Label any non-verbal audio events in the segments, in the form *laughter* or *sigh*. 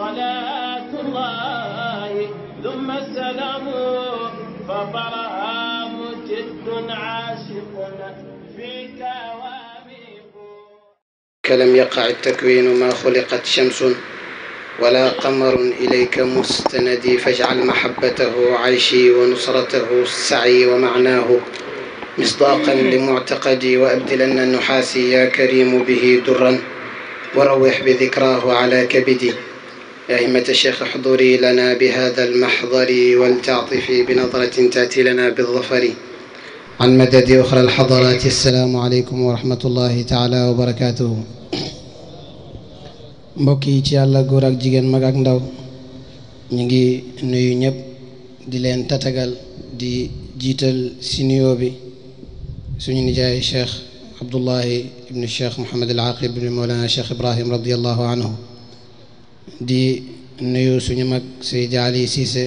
صلاة الله ثم السلام فطرها مجد عاشق فيك كلم يقع التكوين ما خلقت شمس ولا قمر إليك مستندي فاجعل محبته عيشي ونصرته سعي ومعناه مصداقا لمعتقدي وأبدلن النحاس يا كريم به درا وروح بذكراه على كبدي يا همة الشيخ احضري لنا بهذا المحضر ولتعطفي بنظرة تأتي لنا بالظفر عن مدد أخرى الحضرات السلام عليكم ورحمة الله تعالى وبركاته mbokk yi ci yàlla góor ak jigéen mag ak ndaw ñu ngi nuyu ñëpp di leen tatagal di jiital si nuyoo bi suñu nijaay cheikh abdullahi ibnu cheikh mohamad al aqib ibnu mawlana cheikh ibrahim radiallahu anhu di nuyu suñu mag suy jaali siise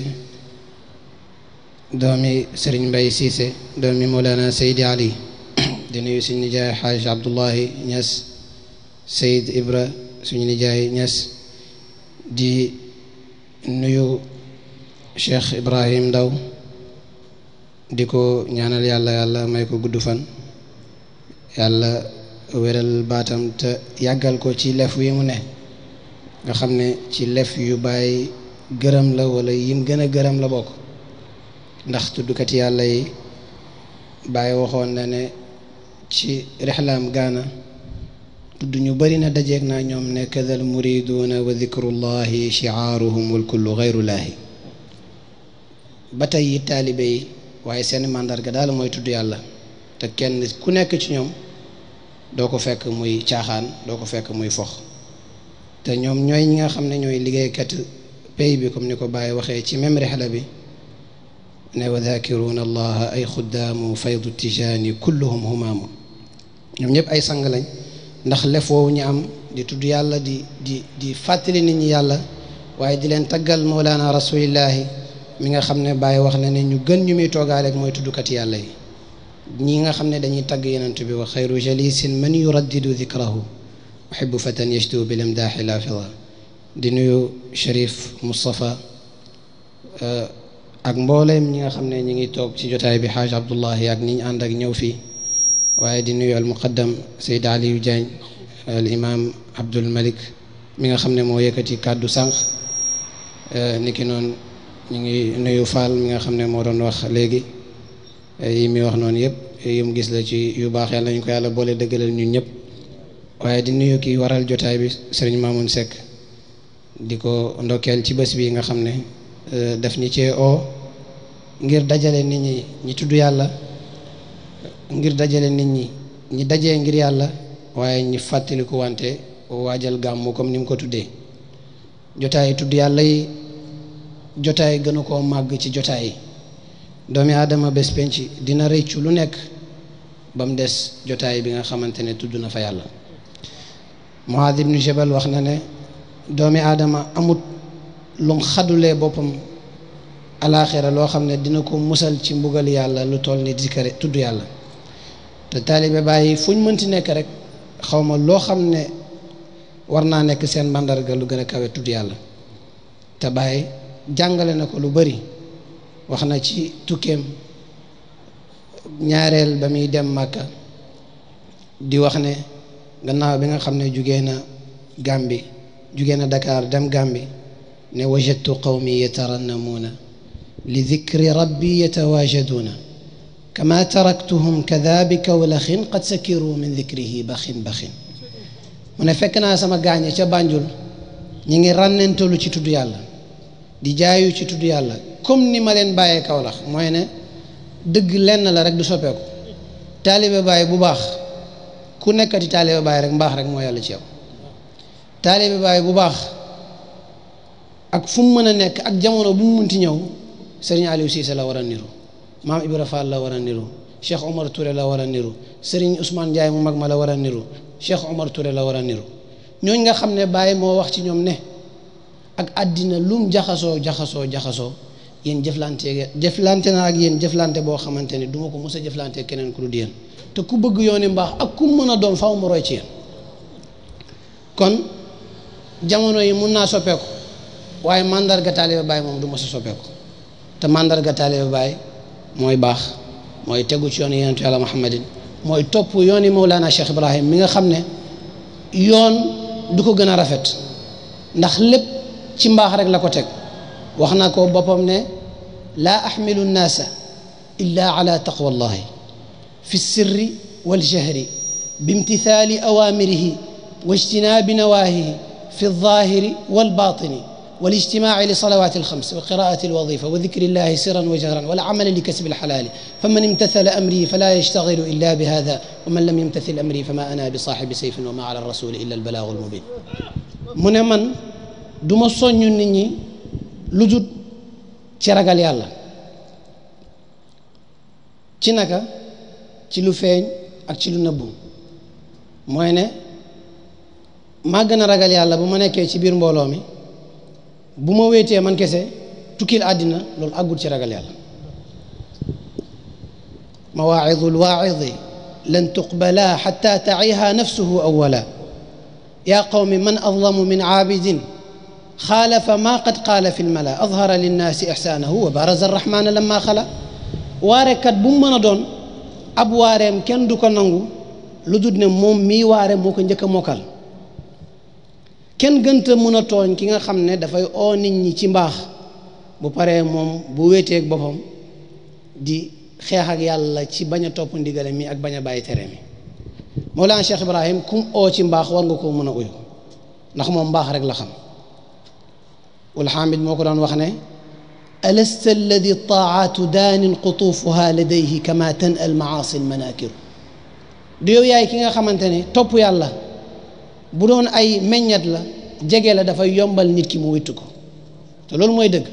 doomi sëriñ mbay siise doomi moulana seydi ali *coughs* di nuyu suñu nijaay xaaj abdullahi ñas seyd ibra suñu nijaay ñas di nuyu cheikh ibrahim ndaw di ko ñaanal yàlla yàlla may ko gudd fan yàlla weral baatam te yàggal ko ci lef wi mu ne nga xam ne ci lef yu bàyyi gërëm la walla yim gën a gërëm la bokk ndax tuddukat yàlla yi bàyyi waxoon na ne ci rexlaam gaana tudd ñu bari na dajeeg naa ñoom nekk kadal muriduuna wa dikrullahi chiaaruhum wal kullu xeyrulaahi ba tey it taalibe yi waaye seen màndarga daal mooy tudd yàlla te kenn ku nekk ci ñoom doo ko fekk muy caaxaan doo ko fekk muy fox te ñoom ñooy ñi nga xam ne ñooy liggéeykat pays bi comme ni ko Baye waxee ci même rihla bi ne wa dakiruuna allaha ay xuddaamu faydu tijaani kulluhum humaamu ñoom ñëpp ay sang lañ ndax lef woowu ñu am di tudd yàlla di di di fàttali nit ñi yàlla waaye di leen taggal mawlaana rasulillahi mi nga xam ne Baye wax na ne ñu gën ñu muy toogaaleeg mooy tuddukat yàlla yi ñi nga xam ne dañuy tagg yenent bi wa xayru jalisin man yuraddidu dikrahu uhibbu fatan yajtu bil imdaaxi laafida di nuyu Cherif Moustapha euh, ak mbooleem ñi nga xam ne ñi ngi toog ci jotaay bi xaaj Abdullahi ànd ak ñëw fii waaye di nuyu al muqaddam Seyd Aliou Diagne al imaam mi nga xam ne moo yëkkati kàddu sànq euh, niki noonu ñu ngi nuyu Fall mi nga xam ne moo doon wax léegi euh, yi muy wax noonu yëpp yi gis la ci yu baax yàlla ñu ko yàlla boole dëggalal ñun ñëpp. waaye di nuyu ki waral jotaay bi sëriñ Mamoun Seck di ko ndokkeel ci bés bi nga xam ne euh, daf ñi ci oo ngir dajale nit ñi ñi tudd yàlla ngir dajale nit ñi ñi dajee ngir yàlla waaye ñi fàttaliku wante waajal gàmmu comme ni mu ko tuddee jotaay tudd yàlla yi jotaay gënu koo màgg ci jotaay yi doomi aadama bés penc dina rëccu lu nekk ba mu des jotaay bi nga xamante ne tudd na fa yàlla Muaad ibnu Jabal wax na ne doomi aadama amut lum xadulee boppam alaaxira loo xam ne dina ko musal ci mbugal yàlla lu toll ni dikkare tudd yàlla te taalibe bàyyi fu ñu mënti nekk rek xaw ma loo xam ne war naa nekk seen màndarga lu gën kawe tudd yàlla te bàyyi jàngale na ko lu bari wax na ci tukkeem ñaareel ba muy dem Màkka di wax ne gannaaw bi nga xam ne jugee na Gàmbi jugee na Dakar dem Gàmbi ne wajadtu qawmi yatarannamuuna li dikri rabbi yatawaajaduuna kama taraktuhum kada bi kawlaxin qad sakiru min dikrihi baxin baxin mu ne fekk naa sama gaañe ca Bànjul ñi ngi rànnentalu ci tudd yàlla di jaayu ci tudd yàlla comme ni ma leen bàyyee Kawlax mooy ne dëgg lenn la rek du soppeeku taalibe Baay bu baax ku nekkati taalibe baay rek mbaax rek moo yàlla ci yow taalibe baay bu baax ak fu mu mën a nekk ak jamono bu mu munti ñëw sëriñ Aliou Cissé la war a niru maam Ibra Fall la war a niru Cheikh Omar Touré la war a niru sëriñ Ousmane Ndiaye mu mag ma la war a niru Cheikh Omar la war a niru ñooñ nga xam ne Baye moo wax ci ñoom ne ak àddina lum jaxasoo jaxasoo jaxasoo yéen jëflante jëflante na ak yéen jëflante boo xamante ni duma ko mos a jëflante keneen ku dul yéen te ku bëgg yooni mbaax ak ku mën a doom fa mu ci yéen kon jamono yi mun naa soppeeku waaye màndarga taalibe baay moom du mos a soppeeku te màndarga taalibe baay mooy baax mooy tegu ci yoon yonentu yàlla muhammadin mooy topp yoon yi yooni Mawlana Cheikh Ibrahim mi nga xam ne yoon du ko gën a rafet ndax lépp ci mbaax rek la ko teg wax naa ko boppam ne laa axmilu nnaasa illa ala taqwallahi fi sirri wal jahri bimtithaali awaamirihi wa ijtinaabi nawaahihi fi zaahiri wal baatini wal ijtimaaci li salawaati alxams wa qiraa'ati alwazifa wa dikri llahi sirran wa jahran wal amali li kasbi alxalaali faman imtathala amrii falaa yashtagilu illa bi haada wa man lam yamtathil amrii famaa ana bi saaxibi sayfin wa maa ala rasuuli illa albalaagu almubiin mu ne man du ma soññ nit ñi lu dul ci ragal yàlla ci naka ci lu feeñ ak ci lu nëbbu mooy ne maa gën a ragal yàlla bu ma nekkee ci biir mbooloo mi bu ma wéetee man kese tukkil àddina loolu àggul ci ragal yàlla mawaacidu lwaacidi lan tuqbala xata taciha nafsuhu awala yaa qawmi man adlamu min caabidin xaalafa maa qad qaala fi lmala adhara linnaasi ixsaanahu wa baraza arraxmaana lamma xala waarekat bu mu mën a doon ab waareem kenn du ko nangu lu dul ne moom mii waare moo ko njëkk a mokkal kenn gënta mun a tooñ ki nga xam ne dafay oo nit ñi ci mbaax bu paree moom bu wéeteeg boppam di xeex ak yàlla ci bañ a topp ndigale mi ak bañ a bàyyi tere mi Mawlana Cheikh Ibrahim kum oo ci mbaax war nga koo mën a uyu ndax moom mbaax rek la xam ulxaamid moo ko doon wax ne ألست الذي الطاعات دان قطوفها لديه كما تنأى المعاصي المناكر du yow yaay ki nga xamante ne topp yàlla bu doon ay meññat la jege la dafay yombal nit ki mu wittu ko te loolu mooy dëgg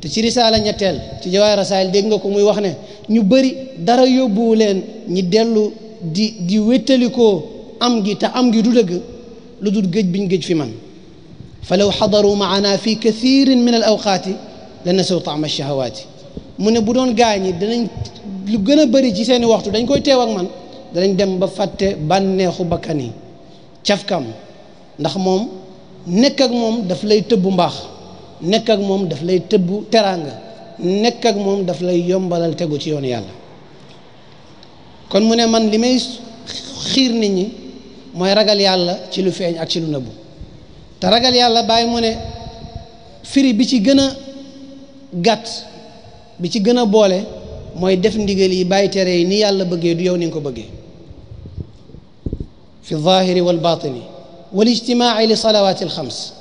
te ci risaala ñetteel ci jawaay rasaayil dégg nga ko muy wax ne ñu bari dara yóbbuwu leen ñi dellu di di wéttalikoo am gi te am gi du dëgg lu dul géej biñ géej fi man fa law xadaru maana fi kathirin min al lanasaw taama shahawaati mu ne bu doon gaa ñi danañ lu gën a bëri ci seeni waxtu dañ koy teew ak man danañ dem ba fàtte bànneexu bakkan yi cafkam ndax moom nekk ak moom daf lay tëbb mbaax nekk ak moom daf lay tëbb teraanga nekk ak moom daf lay yombalal tegu ci yoon yàlla kon mu ne man li may xiir nit ñi mooy ragal yàlla ci lu feeñ ak ci lu nëbbu te ragal yàlla bàyyi mu ne firi bi ci gën gàtt bi ci gën a boole mooy def ndigal yi bàyyi tere yi ni yàlla bëggee du yow ni ko bëggee fi zaahiri wal baatini wal ijtimaai li salawaati alxams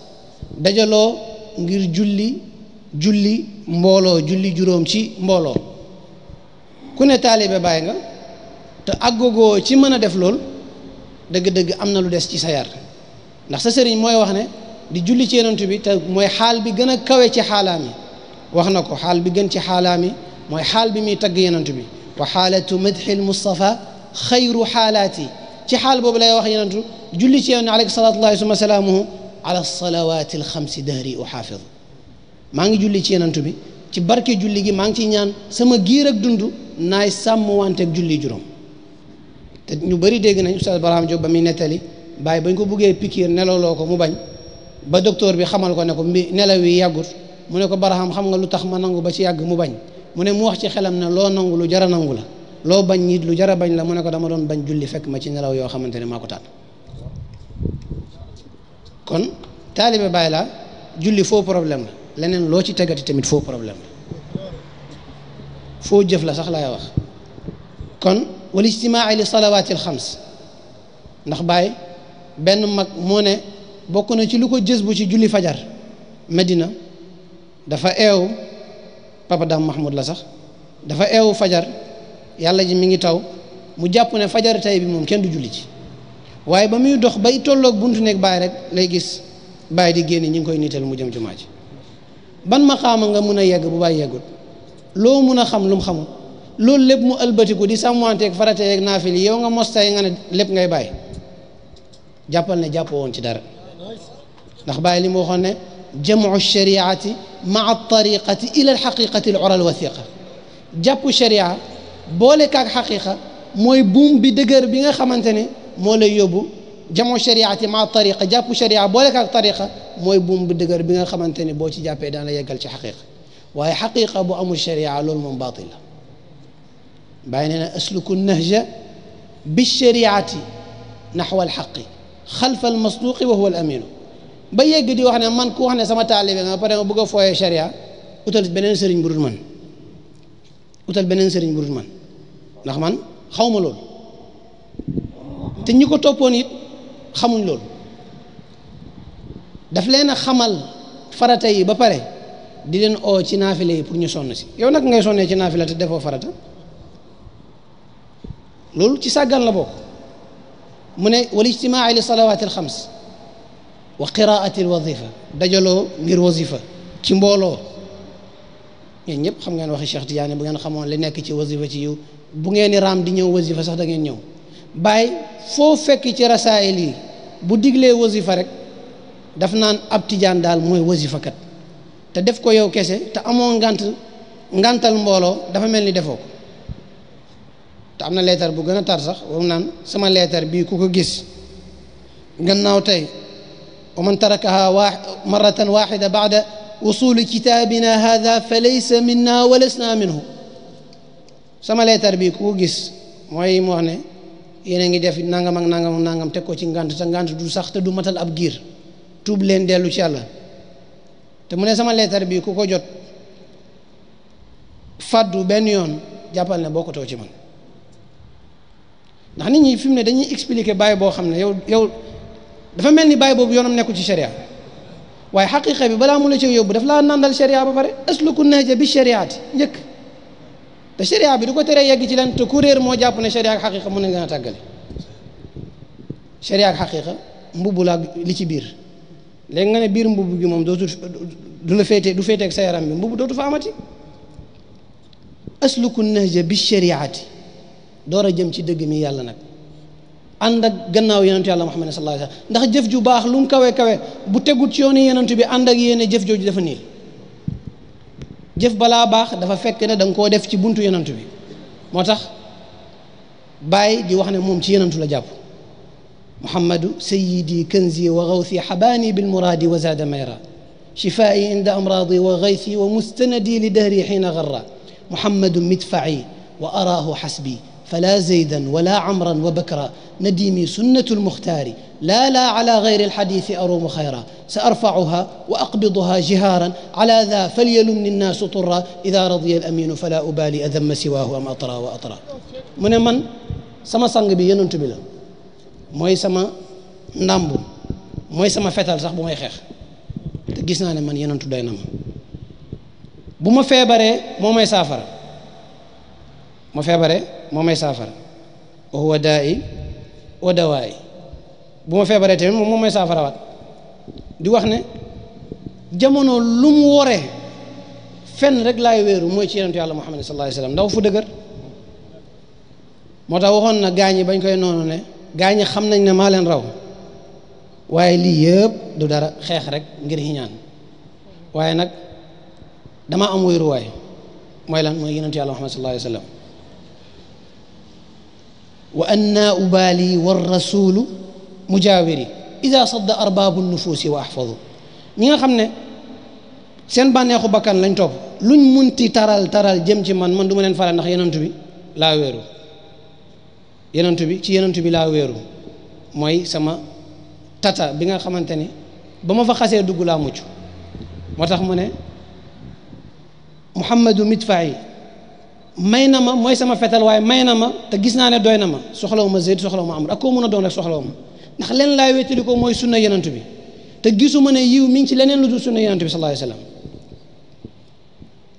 dajaloo ngir julli julli mbooloo julli juróom ci mbooloo ku ne taalibe bàyyi nga te àggogoo ci mën a def lool dëgg-dëgg am na lu des ci sa yar ndax sa sëriñ mooy wax ne di julli ci yonent bi te mooy xaal bi gën a kawe ci xaalaan yi wax na ko xaal bi gën ci xaalaami mooy xaal bi muy tagg yenant bi wa xaalatu madxil Mustafa xayru xaalaati ci xaal boobu lay wax yenantu julli ci yonent aleyhi salaatullahi suma salaamuhu ala salawaati alxamsi dahri maa ngi julli ci yenantu bi ci barke julli gi maa ngi ciy ñaan sama giir ak dund naay sàmm wanteeg julli juróom te ñu bëri dégg nañ Oustaz Barham Diop ba muy nettali bàyyi bañ ko buggee pikiir nelawloo ko mu bañ ba docteur bi xamal ko ne ko mbi nelaw yi yàggut mu ne ko baraxam xam nga lu tax ma nangu ba ci yàgg mu bañ mu ne mu wax ci xelam ne loo nangu lu jara nangu la loo bañ nit lu jara bañ la mu ne ko dama doon bañ julli fekk ma ci nelaw yoo xamante ne maa ko tànn kon taalibe bàyyi laa julli foo problème la leneen loo ci tegati tamit foo problème la foo jëf la sax laay wax kon wal li salawaatil xams ndax bàyyi benn mag moo ne bokk na ci lu ko jës bu ci julli fajar Medina dafa eew papa dam mahmoud la sax dafa eew fajar yàlla ji mi ngi taw mu jàpp ne fajar tay bi moom kenn du julli ci waaye ba muy dox bay tolloog buntu nekk bàyyi rek lay gis baay di génn ñi ngi koy niital mu jëm jumaa ji ban ma maqaama nga mun a yegg bu baay yeggut loo mun a xam lu mu xamul loolu lépp mu ëlbatiku di sàmmanteeg farate yeeg naafil yow nga mos tay nga ne lépp ngay bàyyi jàppal ne jàpp woon ci dara ndax bàyyi li mu waxoon ne jamu shariati maa tariqati ila alxaqiqati al ura al wathiqa jàpp sharia boole kaak xaqiqa mooy buum bi dëgër bi nga xamante ne moo lay yóbbu jamoo shariati maa tariqa jàpp sharia boole kaak tariqa mooy buum bi dëgër bi nga xamante ne boo ci jàppee daan la yeggal ci xaqiqa waaye xaqiqa bu amul sharia loolu moom baatil la bàyyi nee na asluku nahja bi shariati naxwa alxaqi xalfa almasduqi wa huwa al aminu ba yegg di wax ne man ku wax ne sama taalibe nga pare nga bëgg a fooyee sharia utal beneen sëriñ bu dul man utal beneen sëriñ bu dul man ndax man xaw ma loolu te ñi ko toppoon it xamuñ loolu daf leen a xamal farata yi ba pare di leen oo ci naafile yi pour ñu sonn si yow nag ngay sonnee ci naafile te defoo farata loolu ci sàggan la bokk mu ne wal ijtimaa li salawaati alxams wa qiraatil wazifa dajaloo ngir wazifa ci mbooloo yéen ñëpp xam ngeen waxi Cheikh Tidiane bu ngeen xamoon li nekk ci wazifa ci yiw bu ngeen di raam di ñëw wazifa sax da ngeen ñëw baay foo fekk ci rasaayil yi bu diglee wasifa rek daf naan ab tiijaan daal mooy wasifakat te def ko yow kese te amoo ngant ngantal mbooloo dafa mel ni defoo ko te am na leetar bu gën a tar sax wam naan sama leetar bii ku ko gis naaw tey ومن تركها مرة واحدة بعد وصول كتابنا هذا فليس منا ولسنا منه sama leetar bi ku gis mooy mu wax ne a ngi def nangam ak nangam ak nangam teg ko ci ngant te ngant du sax te du matal ab giir tuub leen dellu ci yàlla te mu ne sama leetar bi ko jot fàddu benn yoon jàppal ne bokkutoo ci man ndax nit ñi fi mu ne dañuy expliquer bàyyi boo xam ne yow yow dafa mel ni bàyyi boobu yoonam nekku ci sharia waaye xaqiqa bi balaa mu la ci yóbbu daf laa nandal sharia ba pare asluku nahja bi shariati njëkk bi du ko teree yegg ci leen te ku réer moo jàpp ne sharia ak xaqiqa mën na gën tàggale sharia ak xaqiqa mbubb laa li ci biir léegi nga ne biir mbubb gi moom dootu du la féete du féeteeg sa yaram bi mbubb dootu fa amati asluku bi shariati door a jëm ci dëgg mi yàlla nag ànd ak gannaaw yonentu yàlla Muhammad sallallahu alayhi wasallam ndax jëf ju baax lu mu kawe kawe bu tegut ci yoonu yonentu bi ànd ak yéene jëf jooju dafa niil jëf balaa baax dafa fekk ne da nga koo def ci buntu yonentu bi moo tax bàyyi di wax ne moom ci yonentu la jàpp muhammadu sayyidi kanzi wa gawthi xabaani bil muraadi wa zaada mayra shifaai inda amraadi wa gaythi wa mustanadi li dahri xiina garra muhammadu midfaci wa araahu xasbi فلا زيدا ولا عمرا وبكرا نديمي سنة المختار لا لا على غير الحديث أروم خيرا سأرفعها وأقبضها جهارا على ذا فليلمني الناس طرا إذا رضي الأمين فلا أبالي أذم سواه أم أطرى وأطرى من من sama sang bi yonent bi la mooy sama ndàmbu mooy sama fetal sax bu may xeex te gis naa ne man yonentu doy na ma bu ma feebaree moo may saafara ma feebaree moo may saafara wa huwa daa'i wa dawaa'i bu ma feebaree tamit moom moo may saafarawaat di wax ne jamono lu mu waree fenn rek laay wéeru mooy ci yonentu yàlla Muhammad sallallahu alayhi wa ndaw fu dëgër moo tax waxoon na gaañ yi bañ koy noonu ne gaañ yi xam nañ ne maa leen raw waaye lii yëpp du dara xeex rek ngir xiñaan waaye nag dama am wéeruwaay mooy lan mooy yonentu yàlla Muhammad sallallahu alayhi wa wa anna ubaali warrasulu mujaawiri ida sadda arbaabu nufuusi waa ahfadu ñi nga xam ne seen bànneexu bakkan lañ topp luñ munti taral taral jëm ci man man du ma leen faral ndax yenantu bi laa wéeru yenantu bi ci yenantu bi laa weeru mooy sama tata bi nga xamante ni ba ma fa xasee dugg laa mucc moo tax mu ne muhammadu mitfaayi may na ma mooy sama fetal waaye may na ma te gis naa ne doy na ma soxlawu ma Zayd soxlawu ma Amr ak koo mën a doon rek soxlawu ndax leen laay wéttali ko mooy sunna yenentu bi te gisu ma ne yiw mi ci leneen lu dul sunna yenant bi sallallahu alayhi wa sallam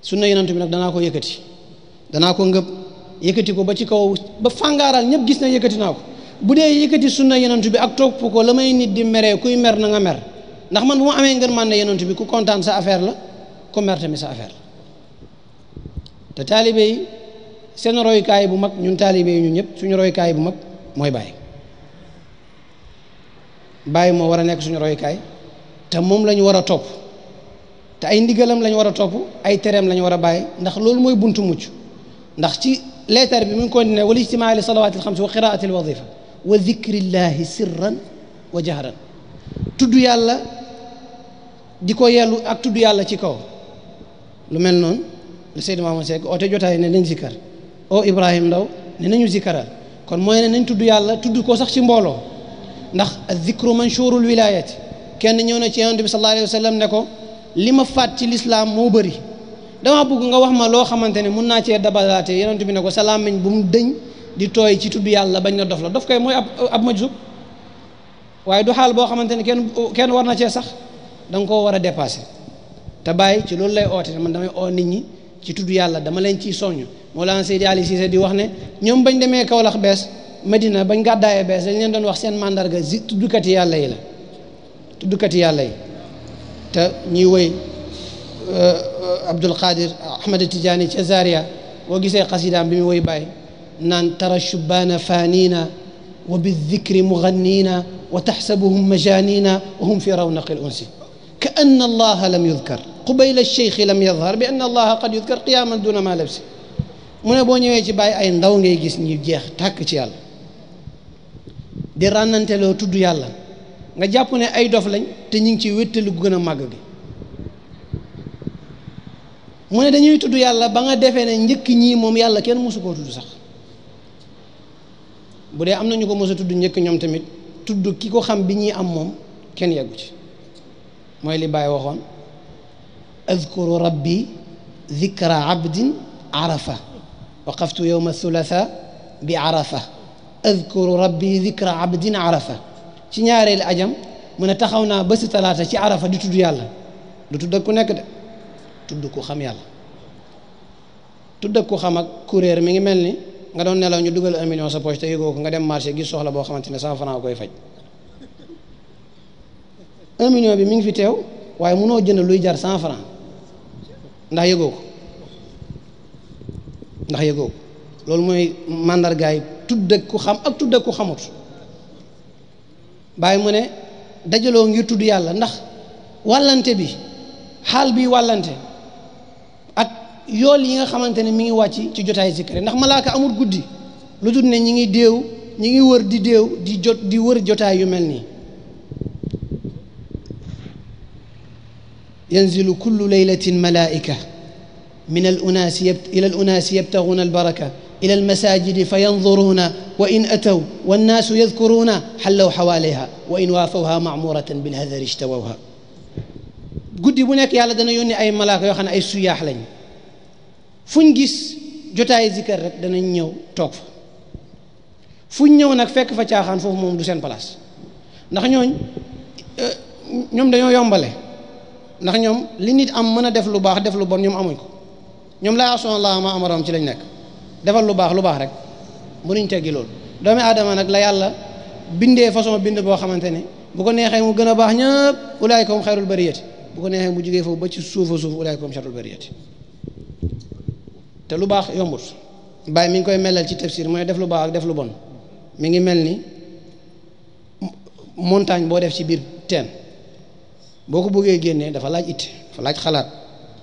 sunna yenant bi nag danaa ko yëkkati danaa ko ngëb yëkkati ko ba ci kaw ba fàngaaral ñëpp gis na yëkkati naa ko bu dee yëkkati sunna yenant bi ak topp ko la may nit di meree kuy mer na nga mer ndax man bu ma amee ngër man ne yenant bi ku kontaan sa affaire la ku mer sa affaire te taalibe yi seen roykaay bu mag ñun taalibe ñu ñun ñëpp suñu roykaay bu mag mooy Baay bàyyi moo war a nekk suñu roykaay te moom lañu war a topp te ay ndigalam lañu war a topp ay tereem lañu war a bàyyi ndax loolu mooy buntu mucc ndax ci leetar bi mu ngi continué wal ijtimaa li salawaatil xamsi wa qiraati alwazifa wa dikrillaahi sirran wa jahran tudd yàlla di ko yellu ak tudd yàlla ci kaw lu mel noonu la Seydi Maamun Seck oote jotaay ne nañ zikkar o Ibrahim Ndaw ne nañu zikkaral kon mooy ne nañ tudd yàlla tudd koo sax ci mbooloo ndax zikru manshurul wilayati kenn ñëw na ci yonent bi sallallahu alayhi ne ko li ma faat ci lislaam moo bëri dama bëgg nga wax ma loo xamante ne mun naa cee dabalaate yonent bi ne ko salaam meñ bu mu dëñ di tooy ci tudd yàlla bañ na dof la dof kay mooy ab ab majzub waaye du xaal boo xamante ne kenn kenn war na cee sax danga koo war a dépasé te bàyyi ci loolu lay oote man damay oo nit ñi ci tudd yàlla dama leen ciy soññ Mawlana Seydi Ali Cissé di wax ne ñoom bañ demee Kaolack bees Medina bañ gàddaayee bees dañ leen doon wax seen mandarga zi tuddukati yàlla yi la tuddukati yàlla yi te ñuy woy euh, euh, Abdul Qadir Ahmad Tijaani ca Zaria boo gisee xasidaam bi mu woy bàyyi naan tara shubbaana faaniina wa bidikri muganniina wa taxsabuhum majaaniina wa hum fi rawnaqi l unsi ka anna allaha lam yudkar qubayla cheikh lam yadhar bi anna allaha qad yudkar qiyaaman duna ma labsi mu ne boo ñëwee ci bàyyi ay ndaw ngay gis ñu jeex tàkk ci yàlla di rànnanteloo tudd yàlla nga jàpp ne ay dof lañ te ñu ngi ci wéttali gu gën a màgg bi mu ne dañuy tudd yàlla ba nga defee ne njëkk ñii moom yàlla kenn mosu koo tudd sax bu dee am na ñu ko mos tudd njëkk ñoom tamit tudd ki ko xam bi ñuy am moom kenn yeggu ci mooy li Baye waxoon azkuru rabbi zikra abdin arafa waqaftu yowma thulatha bi arafa azkuru rabbi zikra abdin arafa ci ñaareelu ajam mu ne taxaw naa bési talaata ci arafa di tudd yàlla du tudd ku nekk de tudd ku xam yàlla tudd ku xam ak kuréer mi ngi mel ni nga doon nelaw ñu dugal un million sa poche te yëgoo ko nga dem marché gis soxla boo xamante ne cent franc koy faj un bi mu ngi fi teew waaye mënoo jënd luy jar cent franc ndax yëgoo ko ndax yëgoo ko loolu mooy màndargaay tudd ak ku xam ak tudd ak ku xamut bàyyi mu ne dajaloo ngir tudd yàlla ndax wàllante bi xaal bi wàllante ak yool yi nga xamante ne mu ngi wàcc ci jotaay zikkare ndax malaaka amul guddi lu dul ne ñi ngi déew ñi ngi wër di déew di jot di wër jotaay yu mel nii ينزل كل ليلة ملائكة من الأناس يبت... إلى الأناس يبتغون البركة إلى المساجد فينظرون وإن أتوا والناس يذكرون حلوا حواليها وإن وافوها معمورة بالهذر اجتووها guddi bu nekk yàlla dana yónni ay malaaka yoo xam ne ay suyaax lañ fuñ gis jotaay zikkar rek danañ ñëw toog fa fuñ ñëw nag fekk fa caaxaan foofu moom du seen place ndax ñooñ euh, ñoom dañoo yombale ndax ñoom li nit am mën a def lu baax def lu bon ñoom amuñ ko ñoom laa ya'suuna llaaha maa ci lañ nekk defal lu baax lu baax rek nuñ teggi loolu doomi aadama nag la yàlla bindee façon bind boo xamante ne bu ko neexee mu gën a baax ñëpp ulaayka hum xayrul bariyati bu ko neexee mu jugee foofu ba ci suufa suuf ulaayka hum sharrul bariyati te lu baax yombut bàyyi mi ngi koy melal ci tafsir mooy def lu baax ak def lu bon mi ngi mel ni montagne boo def ci biir teen boo ko bëggee génnee dafa laaj it dafa laaj xalaat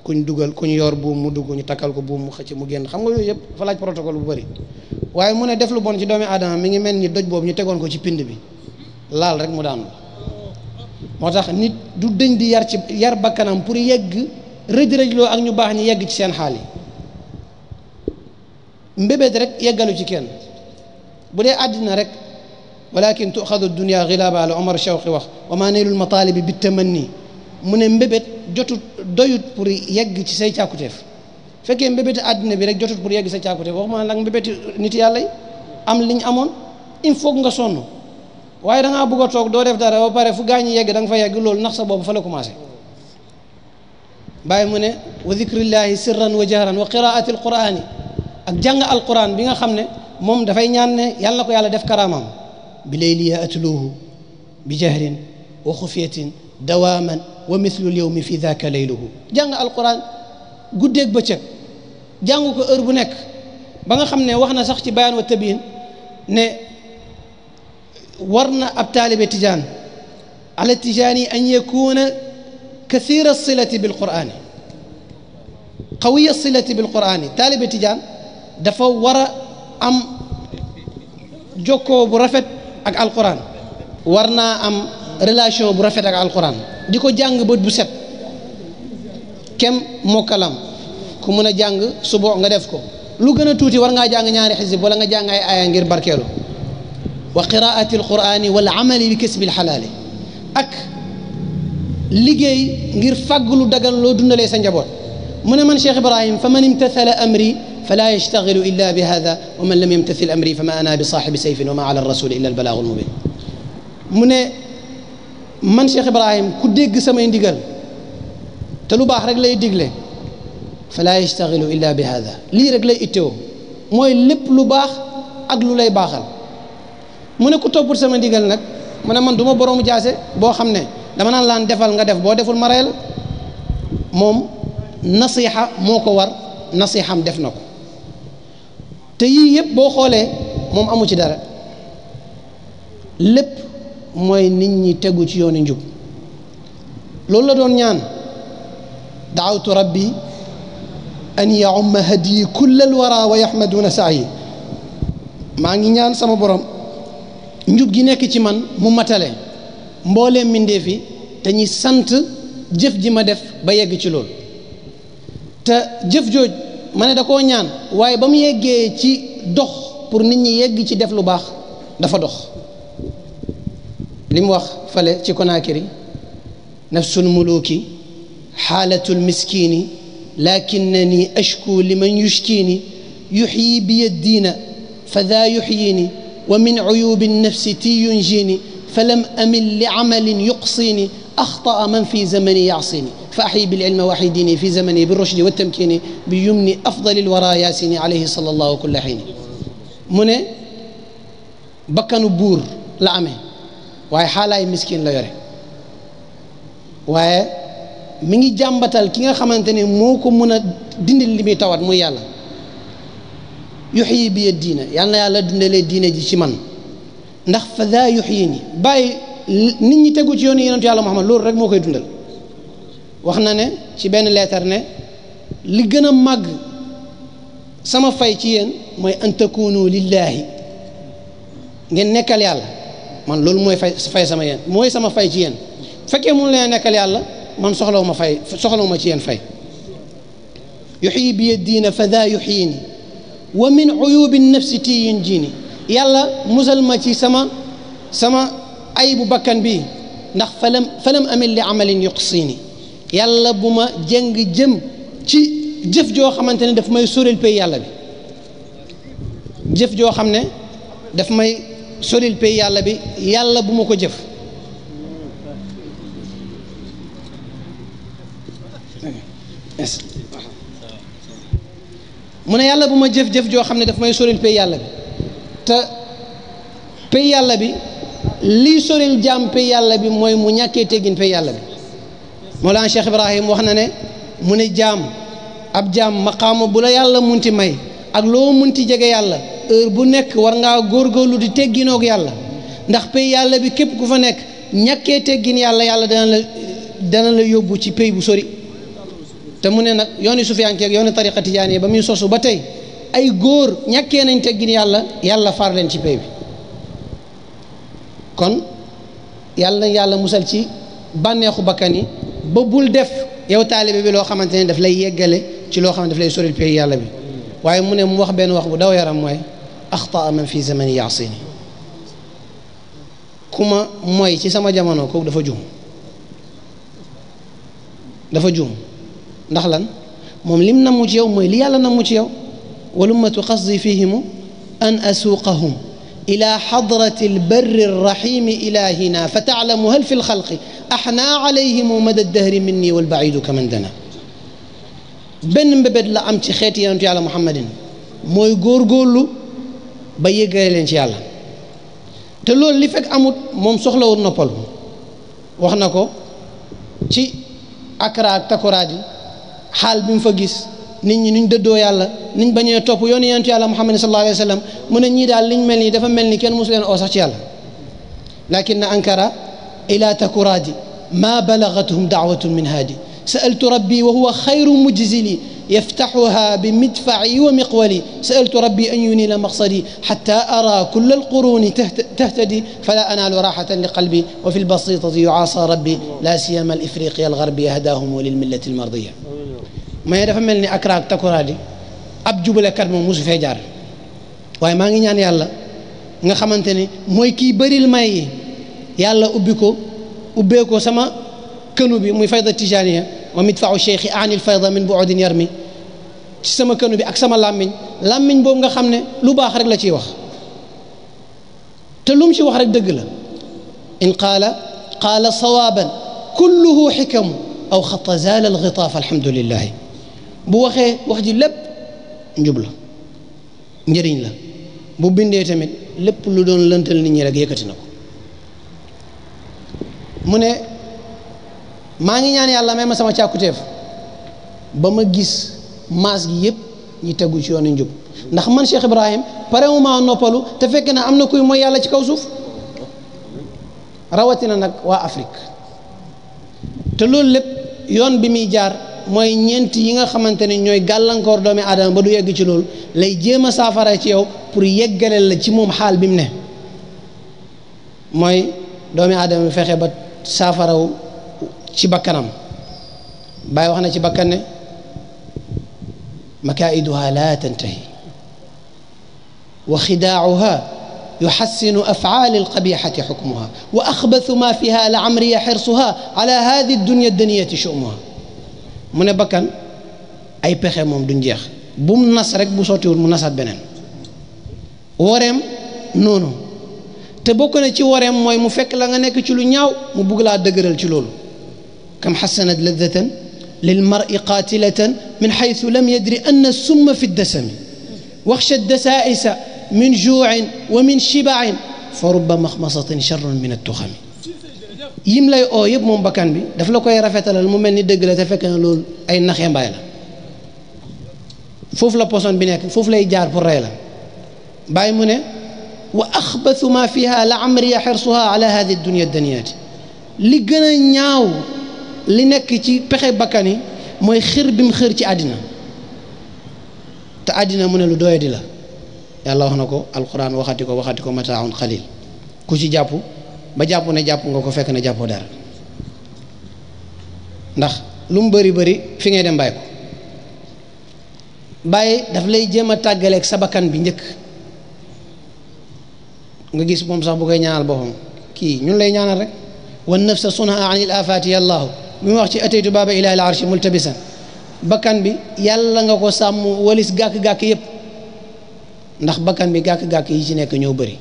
kuñ dugal kuñ yor buum mu dugg ñu takkal ko buum mu xëcc mu génn xam nga yooyu yëpp dafa laaj protocole bu bëri waaye mu ne def lu bon ci doomi aadama mi ngi mel ni doj boobu ñu tegoon ko ci pind bi laal rek mu daanu moo tax nit du dëñ di yar ci yar bakkanam pour yegg rëj-rëjloo ak ñu baax ñu yegg ci seen xaal yi mbébét rek yeggalu ci kenn bu dee àddina rek walakin tuxadu dunia xilaaba la Omar Shawqi wax wa maa naylul mataalibi bi tamanni mu ne mbébét jotut doyut pour yegg ci say càkkuteef fekke mbébéti àddina bi rek jotut pour yegg say càkkuteef waxuma nag mbébéti nit yàlla yi am liñ amoon il faut nga sonn waaye da ngaa a toog doo def dara ba pare fu gaañi yegg da nga fa yegg loolu nax sa boobu fa la commencé bàyyi mu ne wa dicrillahi sirran wa jahran wa qiraati alqurani ak jàng alquran bi nga xam ne moom dafay ñaan ne yàlla ko yàlla def karaamam بليلها أتلوه بجهل وخفية dawaaman wa mislu lyawmi fi daaka layluhu jàng alquran guddeeg bëccëg jàng ko heure bu nekk ba nga xam ne wax na sax ci bayaan wa tabiin ne war na ab taalibe tijaan ala tijaani an yakuna kasira silati bilqurani qawiya silati bilqurani taalibe tijaan dafa war a am jokkoo bu rafet ak alquran war naa am relation bu rafet ak alquran di ko jàng bët bu set kem mokkalam ku mën a jàng suba nga def ko lu gën a tuuti war ngaa jàng ñaari xisib wala nga jàng ay aaya ngir barkeelu wa qiraati alqurani wal amali bi kasbi alxalaali ak liggéey ngir fàgg lu dagan loo dundalee sa njaboot mu man Cheikh Ibrahim fa man imtathala amri فلا يشتغل إلا بهذا ومن لم يمتثل أمري فما أنا بصاحب سيف وما على الرسول إلا البلاغ المبين mu ne man Cheikh Ibrahim ku dégg samay ndigal te lu baax rek lay digle fala yastaxilu illa bi hada lii rek lay ittewoo mooy lépp lu baax ak lu lay baaxal mu ne ku toppul sama ndigal nag mu ne man du ma boroomu jaase boo xam ne dama naan laan defal nga def boo deful ma rey la moom nasiha moo ko war nasiham def na ko te yii yëpp boo xoolee moom amu ci dara lépp mooy nit ñi tegu ci yoonu njub loolu la doon ñaan daawtu rabbi an yaumma hadyi kullal wara wa yaxmaduna saayi maa ngi ñaan sama borom njub gi nekk ci man mu matale mbooleem mbindeef yi te sant jëf ji ma def ba yegg ci loolu te jëf jooj ma ne da koo ñaan waaye ba mu yeggee ci dox pour nit ñi yegg ci def lu baax dafa dox li wax fale ci Konaakiri nafsul muluki xaalatul miskini lakinani ashku liman yushkini yuxyi biya diina fa daa yuxyini wa min cuyubi nafsi ti yunjini falam amin li camalin yuqsini أخطأ من في زمني يعصيني فأحيي بالعلم وأحيي ديني في زمني بالرشد والتمكين بيمن أفضل الورى ياسيني عليه صلى الله كل حين mu ne bakkanu buur la amee waaye xaalaay miskin la yore waaye mi ngi jàmbatal ki nga xamante ne moo ko mën a dindil li muy tawat muy yàlla yuxyi bi diina yàlla na yàlla dundalee diine ji ci man ndax fa daa yuxyi ni bàyyi nit ñi tegu ci yoonu yonentu yàlla Muhammad rek moo koy dundal wax na ne ci benn leetar ne li gën a màgg sama fay ci yéen mooy an takunu lillaahi ngeen nekkal yàlla man loolu mooy fay fay sama yéen mooy sama fay ci yéen fekkee mun leen nekkal yàlla man soxlawu ma fay soxlawu ma ci yéen fay yuxyi bi diina fa daa yuxyini wa min uyubi nafsi tiyin jiini yàlla musal ma ci sama sama ayibu bakkan bi ndax falam falam amil li amalin yuqsini yàlla bu ma jëng jëm ci jëf joo xamante ni daf may soril pay yàlla bi jëf joo xam ne daf may soril yàlla bi yàlla bu ma ko jëf mu ne yàlla bu ma jëf jëf joo xam ne daf may soril pay yàlla bi te pay yàlla bi lii soril jaam pe yàlla bi mooy mu ñàkkee teggin pe yàlla bi Mawlana Cheikh Ibrahim wax na ne mu ne jaam ab jaam maqaama bu la yàlla mun munti may ak loo ti jege yàlla heure bu nekk war ngaa góorlu di tegginoog yàlla ndax pay yàlla bi képp ku fa nekk ñàkkee teggin yàlla yàlla dana la dana la yóbbu ci pay bu sori te mu ne nag yoon yi sufiyanke yoon yooni tariqa yi ba muy sosu ba tey ay góor ñàkkee nañ teggin yàlla yàlla far leen ci pay bi kon yàlla na yàlla musal ci bànneexu bakkan yi ba bul def yow taalibe bi loo xamante ne daf lay yeggale ci loo xam ne daf lay soril pay yàlla bi waaye mu ne mu wax benn wax bu daw yaram mooy axtaa man fi zamani yaasini ku ma mooy ci sama jamono kooku dafa juum dafa juum ndax lan moom lim namu ci yow mooy li yàlla namu ci yow walummatu qasdi fihimu an asuuqahum إلى حضرة البر الرحيم إلهنا فتعلم هل في الخلق أحنا عليهم مدى الدهر مني والبعيد كمن دنا benn mbébét la am ci xeeti yonentu yàlla muhammadin mooy góorgóorlu ba yëggale leen ci yàlla te loolu li fekk amut moom soxlawul noppal wax na ko ci akaraat takuraat yi xaal bi mu fa gis nit ñi nuñ dëddoo yàlla niñ bañee topp yoonu yonentu yàlla muhammad sallallahu alayhi wa sallam mu ne ñii daal liñ mel nii dafa mel ni kenn mosu leen oo sax ci yàlla lakin ankara ila takuraadi ma balagathum daawatun min haadi sa'altu rabbi wa huwa xayru mujzili يفتحها بمدفعي ومقولي سألت ربي أن ينيل مقصدي حتى أرى كل القرون تهتدي فلا أنال راحة لقلبي وفي البسيطة يعاصى ربي لا سيما الإفريقي الغربي هداهم للملة المرضية mais dafa mel ni Accra ak Takora di ab jubalekat moom mosu fee jaar waaye maa ngi ñaan yàlla nga xamante ni mooy kii bëril may yi yàlla ubbiko ko sama kënu bi muy fayda tijaniya wa midfau cheikhi anil fayda min buudin yarmi ci sama kënu bi ak sama làmmiñ làmmiñ boobu nga xam ne lu baax rek la ciy wax te lu mu ci wax rek dëgg la in qaala qaala sawaaban kulluhu xikamu aw xata zaala alxitaaf alhamdulilahi bu waxee wax ji lépp njub la njëriñ la bu bindee tamit lépp lu doon lëntal nit ñi rek yëkkati na ko mu ne maa ngi ñaan yàlla may ma sama càkkutéef ba ma gis maas gi yëpp ñi tegu ci yoonu njub ndax man Cheikh Ibrahim parewuma noppalu te fekk na am na kuy mooy yàlla ci kaw suuf rawatina nag waa Afrique te loolu lépp yoon bi muy jaar mooy ñeent yi nga xamante ne ñooy gàllankoor doomi aadama ba du yegg ci loolu lay jéem a saafara ci yow pour yeggaleel la ci moom xaal bi mu ne mooy doomi aadama bi fexe ba saafara ci bakkanam baay wax na ci bakkan ne makaiduha la tantahi wa xidaacuha yuxassinu afcaali alqabixati xukmuha wa axbathu ma fiha la amriya xirsuha ala hadi dunya daniyati shumuha mu ne bakkan ay pexe moom duñ jeex bu mu nas rek bu sottiwul mu nasaat beneen wareem noonu te bokk na ci wareem mooy mu fekk la nga nekk ci lu ñaaw mu bugg laa dëgëral ci loolu kam xasanat laddatan lilmari qatilatan min xaytu lam yadri anna summa fi ddasami waxsha dasaa'isa min juuin wa min shiba'in fa rubba maxmasatin charrun min attuxami yim lay oo yëpp moom bakkan bi daf la koy rafetalal mu mel ni dëgg la te fekk na loolu ay naxee mbaay la foofu la poson bi nekk foofu lay jaar pour rey la bàyyi mu ne wa axbathu ma fiha la amriya xirsuha ala hadi dunia daniati li gën a ñaaw li nekk ci pexe bakkan yi mooy xër bi mu xër ci àddina te àddina mu ne lu doyadi la yàlla wax na ko alquran waxati ko waxati ko mataaun xalil ku ci jàpp ba jàpp ne jàpp nga ko fekk ne jàppoo dara ndax lu mu bari bari fi ngay dem bàyyi ko bàyyi daf lay jéem a tàggaleeg sa bakkan bi njëkk nga gis moom sax bu koy ñaanal boppam kii ñun lay ñaanal rek wan nafsa sunaha anil afaati yallaahu mu wax ci ataytu baaba ilahi al arshi multabisan bakkan bi yàlla nga ko sàmm walis gàkk-gàkk yépp ndax bakkan bi gàkk-gàkk yi ci nekk ñoo bari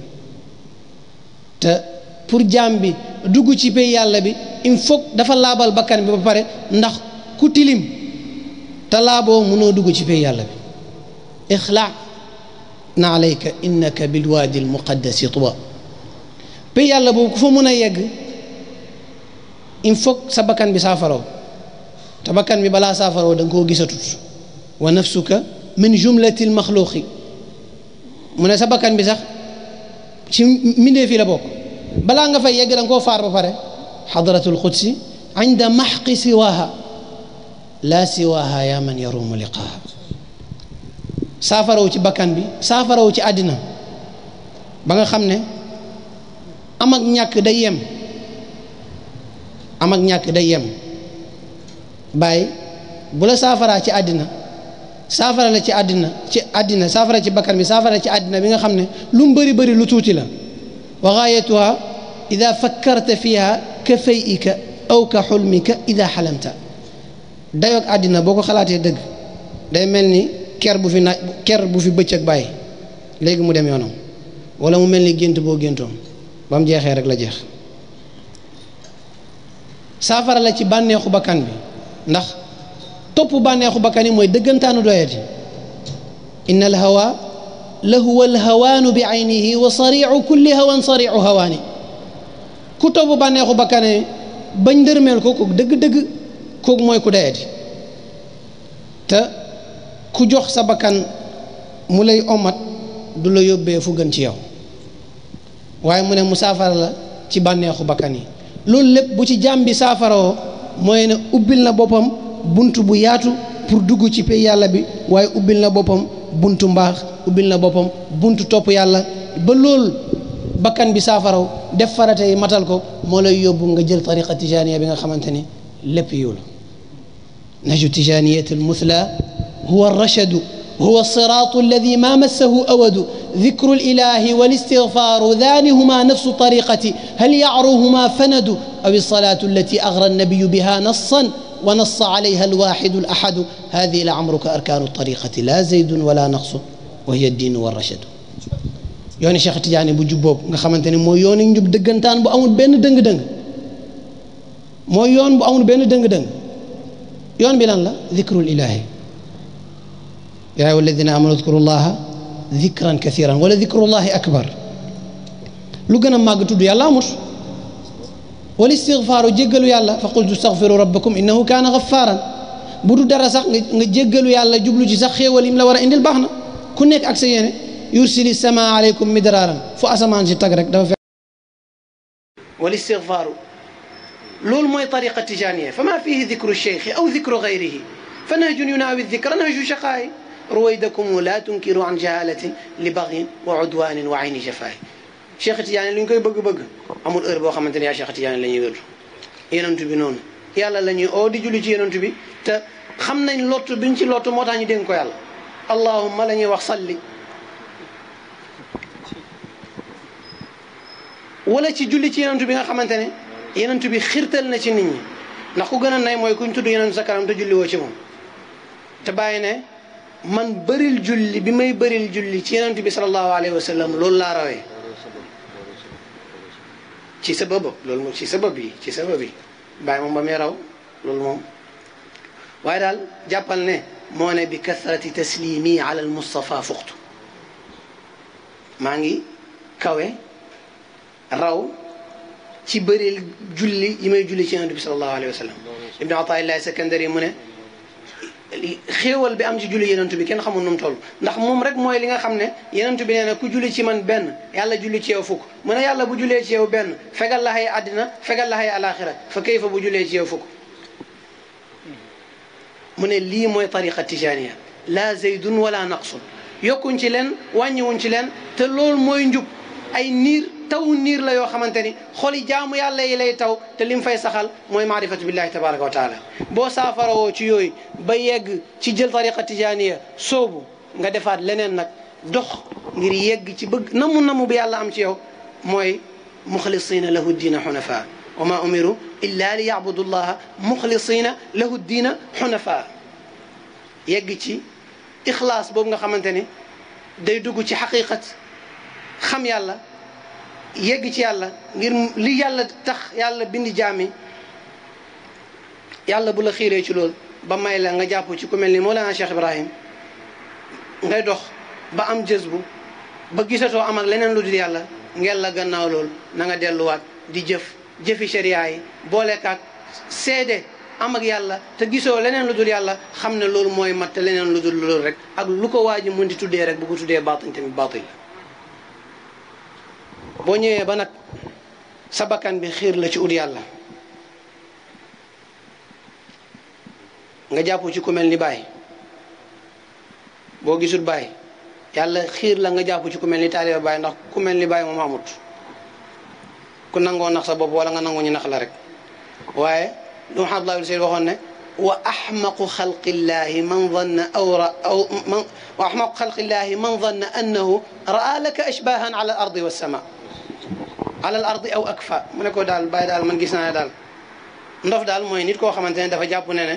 te pour jaam bi dugg ci pay yàlla bi il faut dafa laabal bakkan bi ba pare ndax ku tilim te laaboo mënoo dugg ci pay yàlla bi ixlaa na alayka bi bilwaadi almuqaddasi tuwa pay yàlla boobu ku fa mën a yegg il faut sa bakkan bi saafaroo te bakkan bi balaa saafaroo da nga koo gisatut wa nafsuka min jumlati mu ne sa bakkan bi sax ci mbindee fii la bokk balaa nga fay yegg da koo faar ba pare xadratul qudsi inda maxqi siwaaha la siwaaha yaa man yarumu liqaaha saafarawu ci bakkan bi saafarawu ci àddina ba nga xam ne am ak ñàkk day yem am ñàkk day yem bàyyi bu la saafaraa ci àddina saafara la ci àddina ci àddina saafara ci bakkan bi saafara ci àddina bi nga xam ne lu mu bari lu tuuti la وغايتها إذا فكرت فيها كفيئك أو كحلمك إذا حلمت dayoog àddina boo ko xalaatee dëgg day mel ni ker bu fi naaj ker bu fi bëccëg bàyyi léegi mu dem yoonam wala mu mel ni gént boo géntoom ba jeexee rek la jeex saafara la ci bànneexu bakkan bi ndax topp bànneexu bakkan yi mooy dëggantaanu doyati inna al لهو الهوان بعينه وصريع كل هوان صريع هوان كتب بانيخو bànneexu بندر ملكو bañ دغ دغ كوك موي كو دايتي تا ku jox sa bakkan mu lay omat du la yóbbee fu gën ci yow waaye mu ne mu saafara la ci bànneexu bakkan yi loolu lépp bu ci jaam bi saafaroo mooy ne ubbil na boppam bunt bu yaatu pour dugg ci pay yàlla bi waaye ubbil na boppam buntu mbaax ubbil na boppam buntu topp yàlla ba loolu bakkan bi saafaraw def farata yi matal ko moo lay yóbbu nga jël tariqa tijaniya bi nga xamante ni lépp yiw la naju tijaniyat almuthla huwa arrachadu huwa alsiraatu alladi ma massahu awadu dikru alilahi walistigfaaru danihuma nafsu tariqati hal yaaruhuma fanadu aw alsalaatu allati agra annabiyu biha nassan ونص عليها الواحد الأحد هذه لعمرك أركان الطريقة لا زيد ولا نقص وهي الدين والرشد yooni Cheikh Tidiane bu jub boobu nga xamante ni mooy yooni njub dëggantaan bu amul benn dëng-dëng mooy yoon bu amul benn dëng-dëng yoon bi lan la dikrul ilahi yaa ayyuha alladina amanu udkuru llaha dikran kathiran wala dikrullahi akbar lu gën a màgg tudd yàlla amut wal istigfaaru jéggalu yàlla fa qultu staxfiru rabbakum innahu kaana gaffaaran bu du dara sax nga jéggalu yàlla jublu ci sax xéewal yim la war a indil baax na ku nekk ak sa yéene yursili sama aleykum midraaran fu asamaan si tag rek dafa fekk wal istigfaaru loolu mooy tariqa tijaaniya fa maa fiihi dikru cheikhi aw dikru gayrihi fa nahjun yunaawi dikra nahju shaqaayi ruwaydakum laa tunkiru an jahalatin li bagyin wa udwanin wa ayni jafaayi Cheikh Tidiane li ñu koy bëgg-bëgg amul heure boo xamante ne yaa Cheikh Tidiane la ñuy wér yonent bi noonu yàlla lañuy oo di julli ci yonent bi te xam nañ lottu biñ ci lottu moo tax ñu dénk ko yàlla allahumma la ñuy wax salli wala ci julli ci yonent bi nga xamante ne yonent bi xirtal na ci nit ñi ku gën a nay mooy kuñ tudd yonent sa kanam te julli woo ci moom te bàyyi ne man bëril julli bi may bëril julli ci yonent bi sallallahu alayhi wa sallam loolu laa rawee ci sa bëbëb loolu moom ci sa bëb yi ci sa bëb yi bàyyi moom ba muy raw loolu moom waaye daal jàppal ne moo ne bi kasrati taslimi ala al mustafa fuxtu maa ngi kawe raw ci bëreel julli yi may julli ci yonent bi sallallahu alayhi wa sallam ibnu ataillah sakandari mu ne xéewal bi am ci julli yenentu bi kenn xamul nu mu ndax moom rek mooy li nga xam ne yenentu bi nee na ku julli ci man benn yàlla julli ci yow fukk mu ne yàlla bu jullee ci yow benn fegal la xay àddina fegal la xay alaxira fa kayfa bu jullee ci yow fukk mu ne lii mooy tariqa tijaniya la zaydun wala naqsun yokkuñ ci leen wàññiwuñ ci leen te loolu mooy njub ay niir tawu niir la yoo xamante ni xol yi jaamu yàlla yi lay taw te lim fay saxal mooy maarifatu billahi tabaraka wa taala boo saafarawoo ci yooyu ba yegg ci jël tariqa tijaaniya soobu nga defaat leneen nag dox ngir yegg ci bëgg namu namu bi yàlla am ci yow mooy muxlisina lahu diina xunafa wa ma umiru illa li yabudu llaha muxlisina lahu diina xunafa yegg ci ixlaas boobu nga xamante ni day dugg ci xaqiqat xam yàlla yegg ci yàlla ngir li yàlla tax yàlla bindi jaami yàlla bu la xiiree ci loolu ba may la nga jàpp ci ku mel ni Mawlana Cheikh Ibrahim ngay dox ba am jës bu ba gisatoo am ak leneen lu dul yàlla ngeen la gannaaw loolu na nga delluwaat di jëf jëfi sharia yi boolekaak seede am ak yàlla te gisoo leneen lu dul yàlla xam ne loolu mooy mat te leneen lu dul loolu rek ak lu ko waa ji mën di tuddee rek bu ko tuddee baatin tamit baatin boo ñëwee ba nag sa bakkan bi xiir la ci ut yàlla nga jàpp ci ku mel ni baay boo gisuut baay yàlla xiir la nga jàpp ci ku mel ni taaliba baay ndax ku ni baay moom amut ku nangoo nax sa bopp wala nga nangoo ñi nax la rek waaye lu Abdullah bin Sayd waxoon ne wa axmaqu xalqillaahi man danna aw ra aw man wa axmaqu xalqillaahi man danna raa laka ashbahan ala al ardi wa sama alal ardi aw ak fa mu nekkoo ko daal bàyyi daal man gis naa ne daal ndox daal mooy nit koo xamante ne dafa jàpp ne ne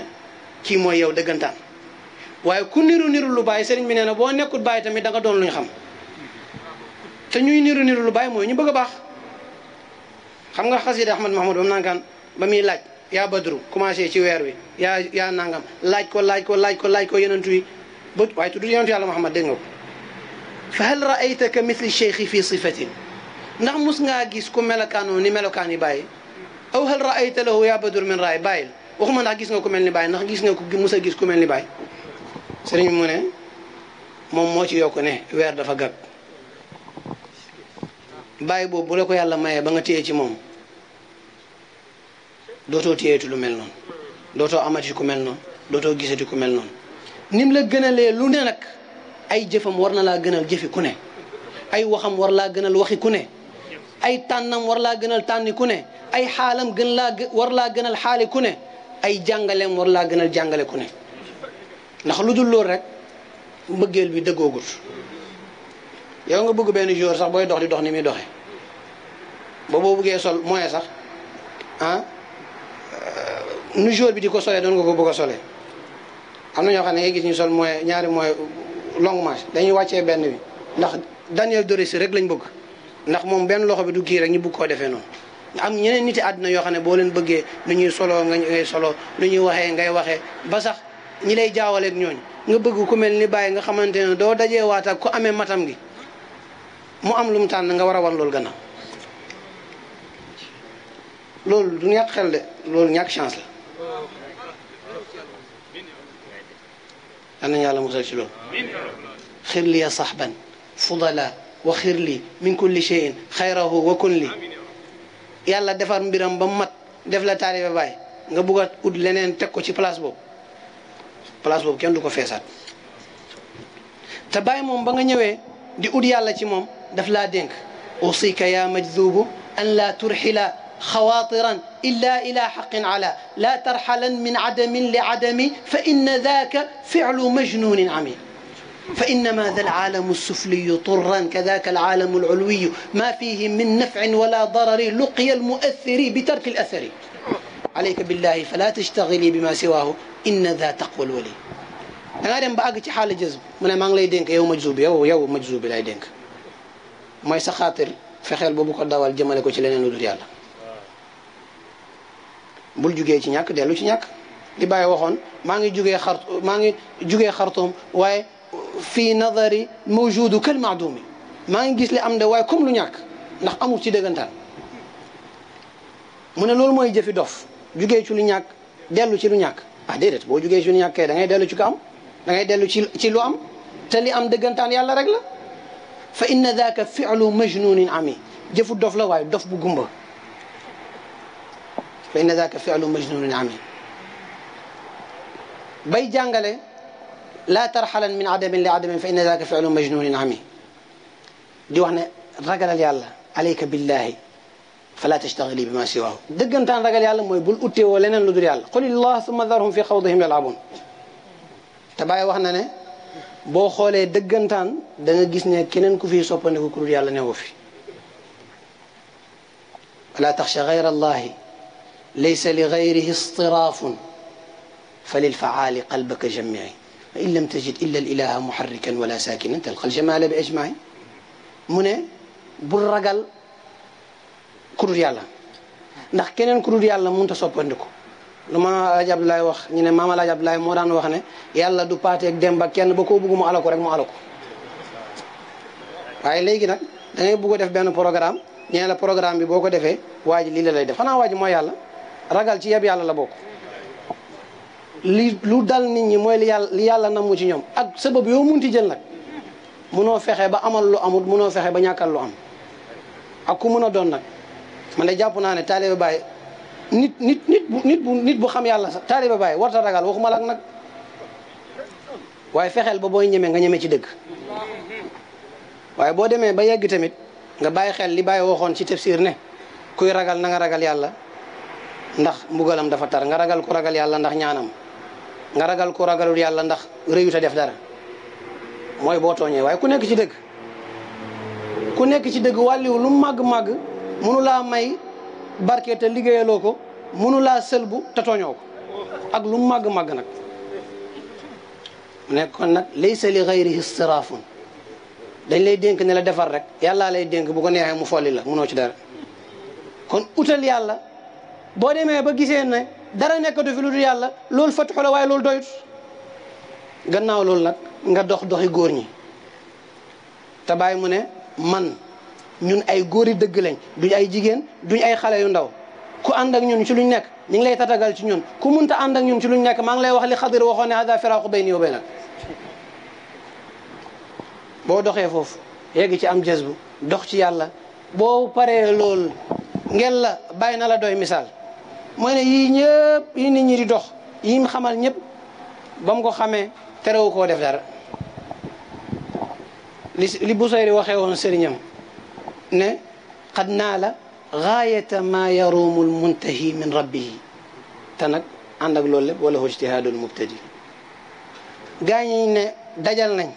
kii mooy yow dëggantaan waaye ku niru niru lu bàyyi sëriñ bi nee na boo nekkul bàyyi tamit danga doon lu ñu xam te ñuy niru niru lu bàyyi mooy ñu bëgg a baax xam nga xasida Ahmad Mahmoud ba mu nankaan ba muy laaj yaa badru commencé ci weer wi yaa yaa nangam laaj ko laaj ko laaj ko laaj ko yonentu yi ba waaye tudd yonentu yàlla Muhammad dégg nga ko fa hal raayta ka mithli ndax mus ngaa gis ku melokaanoo ni melokaan yi bàyyi aw hal raayta lahu yaa badur min raay bàyyil waxuma ndax gis nga ku mel ni baay ndax gis nga ko mus a gis ku mel ni bàyyi sëriñ mu ne moom moo ci yokk ne weer dafa gàgg bàyyi boobu bu la ko yàlla mayee ba nga téyee ci moom dootoo téyeetu lu mel noonu dootoo amati ku mel noonu dootoo gisati ku mel noonu nim la gënalee lu ne nag ay jëfam war na laa gënal jëfi ku ne ay waxam war laa gënal waxi ku ne ay tànnam war laa gënal tànni ku ne ay xaalam gën laa war laa gënal xaali ku ne ay jàngalem war laa gënal jàngale ku ne ndax lu dul lool rek mbëggeel bi dëggoogut yow nga bëgg benn jour sax booy dox di dox ni muy doxe ba boo bëggee sol moyen sax ah euh, nu jour bi di ko solee doon nga ko bëgg a solee am na ñoo xam ne ngay gis ñu sol moyen ñaari moyen longue marche dañuy wàccee benn bi ndax Daniel Doris rek lañ bëgg ndax moom benn loxo bi du kii rek ñu bugg koo defee noonu am ñeneen niti àdduna yoo xam ne boo leen bëggee nu ñuy soloo nga ngay soloo nu ñuy waxee ngay waxee ba sax ñi lay jaawaleeg ñooñ nga bëgg ku mel ni bàyyi nga xamante ne doo dajee waat ak ku amee matam gi mu am lu mu tànn nga war a wan loolu gannaaw loolu du ñàkk xel de loolu ñàkk chance la yal nañu yàlla musal ci loolu sax ban fudala wa xir lii min kulli shay'in xayrahu wa kun lii yàlla defar mbiram ba mat def la taalibe baay nga bugg a ut leneen teg ko ci place boobu place boobu kenn du ko feesaat te baay moom ba nga ñëwee di ut yàlla ci moom daf laa dénk usika ya majzubu an laa turxila xawaatiran illa ila xaqin ala laa tarxalan min adamin li adami fa inna daaka filu majnunin amin فإنما ذا العالم السفلي طرا كذاك العالم العلوي ما فيه من نفع ولا ضرر لقي المؤثر بترك الأثر عليك بالله فلا تشتغلي بما سواه إن ذا تقوى الولي da ngaa dem ba àgg ci xaala jazb mu ne maa ngi lay dénk yow majzub bi yow yow majzub bi lay dénk mooy sa xaatir fexeel boobu ko dawal jëmale ko ci leneen lu dul yàlla bul jugee ci ñàkk dellu ci ñàkk li bàyyi waxoon maa ngi jugee xar maa ngi jugee xartoom waaye fii nadari mawjudu kal maadumi maa ngi gis li am de waaye comme lu ñàkk ndax amul ci dëggantaan mu ne loolu mooy jëfi dof jugee ci lu ñàkk dellu ci lu ñàkk ah déedéet boo jugee ci lu ñàkk kay da ngay dellu ci ko am da ngay dellu ci ci lu am te li am dëggantaan yàlla rek la fa inna daaka filu majnunin ami jëfu dof la waaye dof bu gumba fa inna daaka filu majnunin ami bay jàngale laa tarxalan min adamin li adamin fa inna daaka fi'lu majnunin ami di wax ne ragalal yàlla alayka billahi fala tastaxili bi ma siwaahu dëggantaan ragal yàlla mooy bul utteewoo leneen lu dul yàlla qulillah summa darhum fi xawdihim yalabun te bàyyi wax na ne boo xoolee dëggantaan da nga gis ne keneen ku fi soppandiku ku dul yàlla newu fi wala taxsha gayra allahi laysa li gayrihi istiraafun fa lilfaali qalbaka jamii in lam tajid illa al ilaha muharrikan wala sakinan talqa al jamala bi ajmain mu ne bul ragal ku yàlla ndax keneen ku yàlla mënut a soppandiku lu ma laaj Abdoulaye wax ñu ne maama laaj Abdoulaye moo daan wax ne yàlla du paateeg dem ba kenn ba koo bëgg mu rek mu alako waaye léegi nag da ngay bëgg def benn programme ñee la programme bi boo ko defee waa ji lii la lay def xanaa waa mooy yàlla ragal ci yab yàlla la bokk li lu dal nit ñi mooy li yàlla li yàlla namm ci ñoom ak sabab yoo munti jël nag munoo fexe ba amal lu amut munoo fexe ba ñàkkal lu am ak ku mun a doon nag man a jàpp naa ne taalibe Baay nit nit nit bu nit bu xam yàlla sax taalibe Baay warta ragal waxuma la ak nag waaye fexeel ba booy ñemee nga ñeme ci dëgg waaye boo demee ba yegg tamit nga bàyyi xel li Baay woxoon ci tafsir ne kuy ragal na nga ragal yàlla ndax mbugalam dafa tar nga ragal ku ragal yàlla ndax ñaanam nga ragal ku ragalul yàlla ndax réyut a def dara mooy boo tooñee waaye ku nekk ci dëgg ku nekk ci dëgg wàlliwu lu màgg-màgg mënu laa may barke te liggéeyaloo ko mënu sëlbu te tooñoo ak lu màgg-màgg nag mu nekk kon nag laysa li gayrihi dañ lay dënk ne la defar rek yàllaa lay dénk bu ko neexee mu folli la mënoo ci dara kon utal yàlla boo demee ba gisee dara nekkatu fi lu dul yàlla loolu fatixu la waaye loolu doyut gannaaw loolu nag nga dox doxi góor ñi te bàyyi mu ne man ñun ay góori dëgg lañ duñ ay jigéen duñ ay xale yu ndaw ku ànd ak ñun ci luñ nekk ñu ngi lay tatagal ci ñun ku munta ànd ak ñun ci luñ nekk maa ngi lay wax li xadir waxoon ne hada firaqu bayni wa baynak boo doxee foofu yegg ci am jës bu dox ci yàlla boo paree loolu ngeen la bàyyi na la doy misaal mooy ne yii ñëpp yi nit ñi di dox yi xamal ñëpp ba mu ko xamee terewu ko def dara li li Busayri waxee woon sëriñam ne xad naa la gaayata ma yaruumul muntahi min rabbihi te nag ànd ak loolu lépp wala ijtihaadul mubtadi gaa ñi ne dajal nañ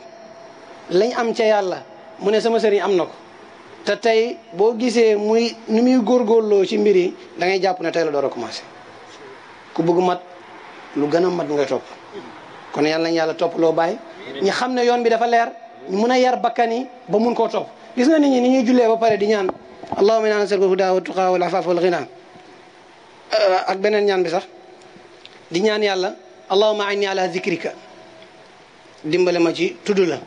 lañ am ca yàlla mu ne sama sëriñ am na ko te tey boo gisee muy nu muy góorgóorloo ci mbir yi da ngay jàpp na tey la door a commencé ku bëgg mat lu gën a mat ngay topp kon yàlla nañu yàlla topp loo bàyyi ñu xam ne yoon bi dafa leer ñu mun a yar bakkan yi ba mun koo topp gis nga nit ñi ni ñuy jullee ba pare di ñaan allahumma inna nas'aluka al-huda wa tuqa wal afafa wal ghina ak beneen ñaan di ñaan yàlla allahumma a'inni ala zikrika dimbale ma ci tudd la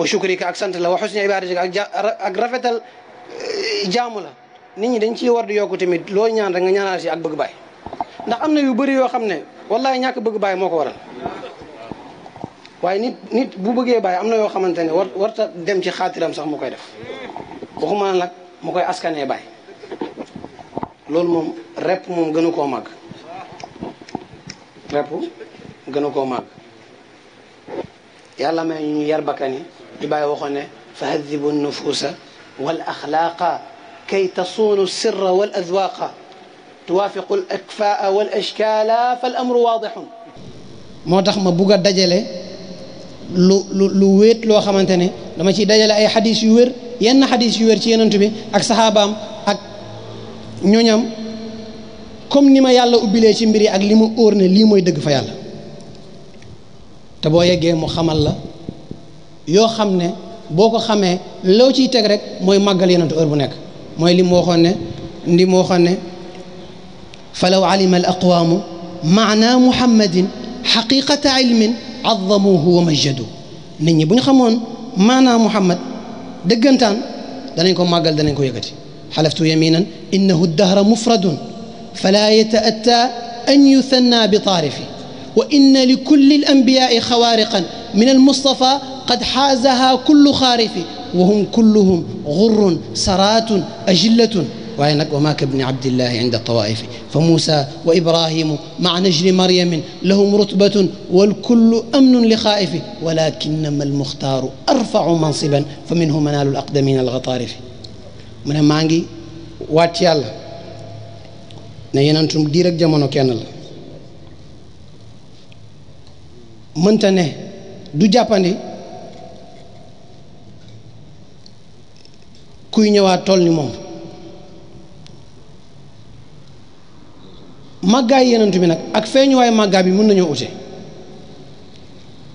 wa shukrika ak sant la wa xusni ibadatika ak ak rafetal jaamu la nit ñi dañ ciy war di yokku tamit loo ñaan rek nga ñaanal si ak bëgg baay ndax am na yu bari yoo xam ne wallaay ñàkk bëgg baay moo ko waral waaye nit nit bu bëggee baay am na yoo xamante ne war warta dem ci xaatiram sax mu koy def waxuma nag mu koy askanee baay loolu moom repp moom gënu koo màgg repp gënu koo màgg yàlla may ñu yar bakkan yi li bàyyi waxoon ne fa hadibu nufuusa wal axlaaqa kay tasuunu sirra wal azwaaqa tuwaafiqu al akfaa wal ashkaala fal amru waadixun moo tax ma bugg a dajale lu lu loo xamante ne dama ciy dajale ay xadis yu wér yenn xadis yu wér ci yenantu bi ak saxaabaam ak ñoñam comme ni ma yàlla ubbilee ci mbir yi ak li ma óor ne lii mooy dëgg fa yàlla te boo yeggee mu xamal la yoo xam ne boo ko xamee loo ciy teg rek mooy màggal yonentu heure bu nekk mooy li mu waxoon ndi mu waxoon ne falaw alima al aqwaamu maana muhammadin xaqiqata ilmin azzamuhu wa majjadu nit ñi bu xamoon maanaa muhammad dëggantaan danañ ko màggal danañ ko yëkkati xalaftu yaminan innahu dahra mufradun fala yataattaa an yusanna bi taarifi wa inna li kulli l ambiyaai xawaariqan min al mustafa qad xaazaha kullu xaarifi wa hum kulluhum gurrun saraatun ajillatun waaye nag wa maa kabni abdillahi inda tawaa'ifi fa muusa wa ibrahimu maa najli maryamin lahum rutbatun wal kullu amnun li xaa'ifi walakinama almuxtaaru arfacu mansiban fa minhu manaalu alaqdamina alxataarifi mu ne maa ngi waat yàlla ne yenentum diir ak jamono kenn la mënta ne du jàppandi kuy ñëwaat toll ni moom màggaay yenant bi nag ak feeñuwaay màggaay bi mën nañoo ute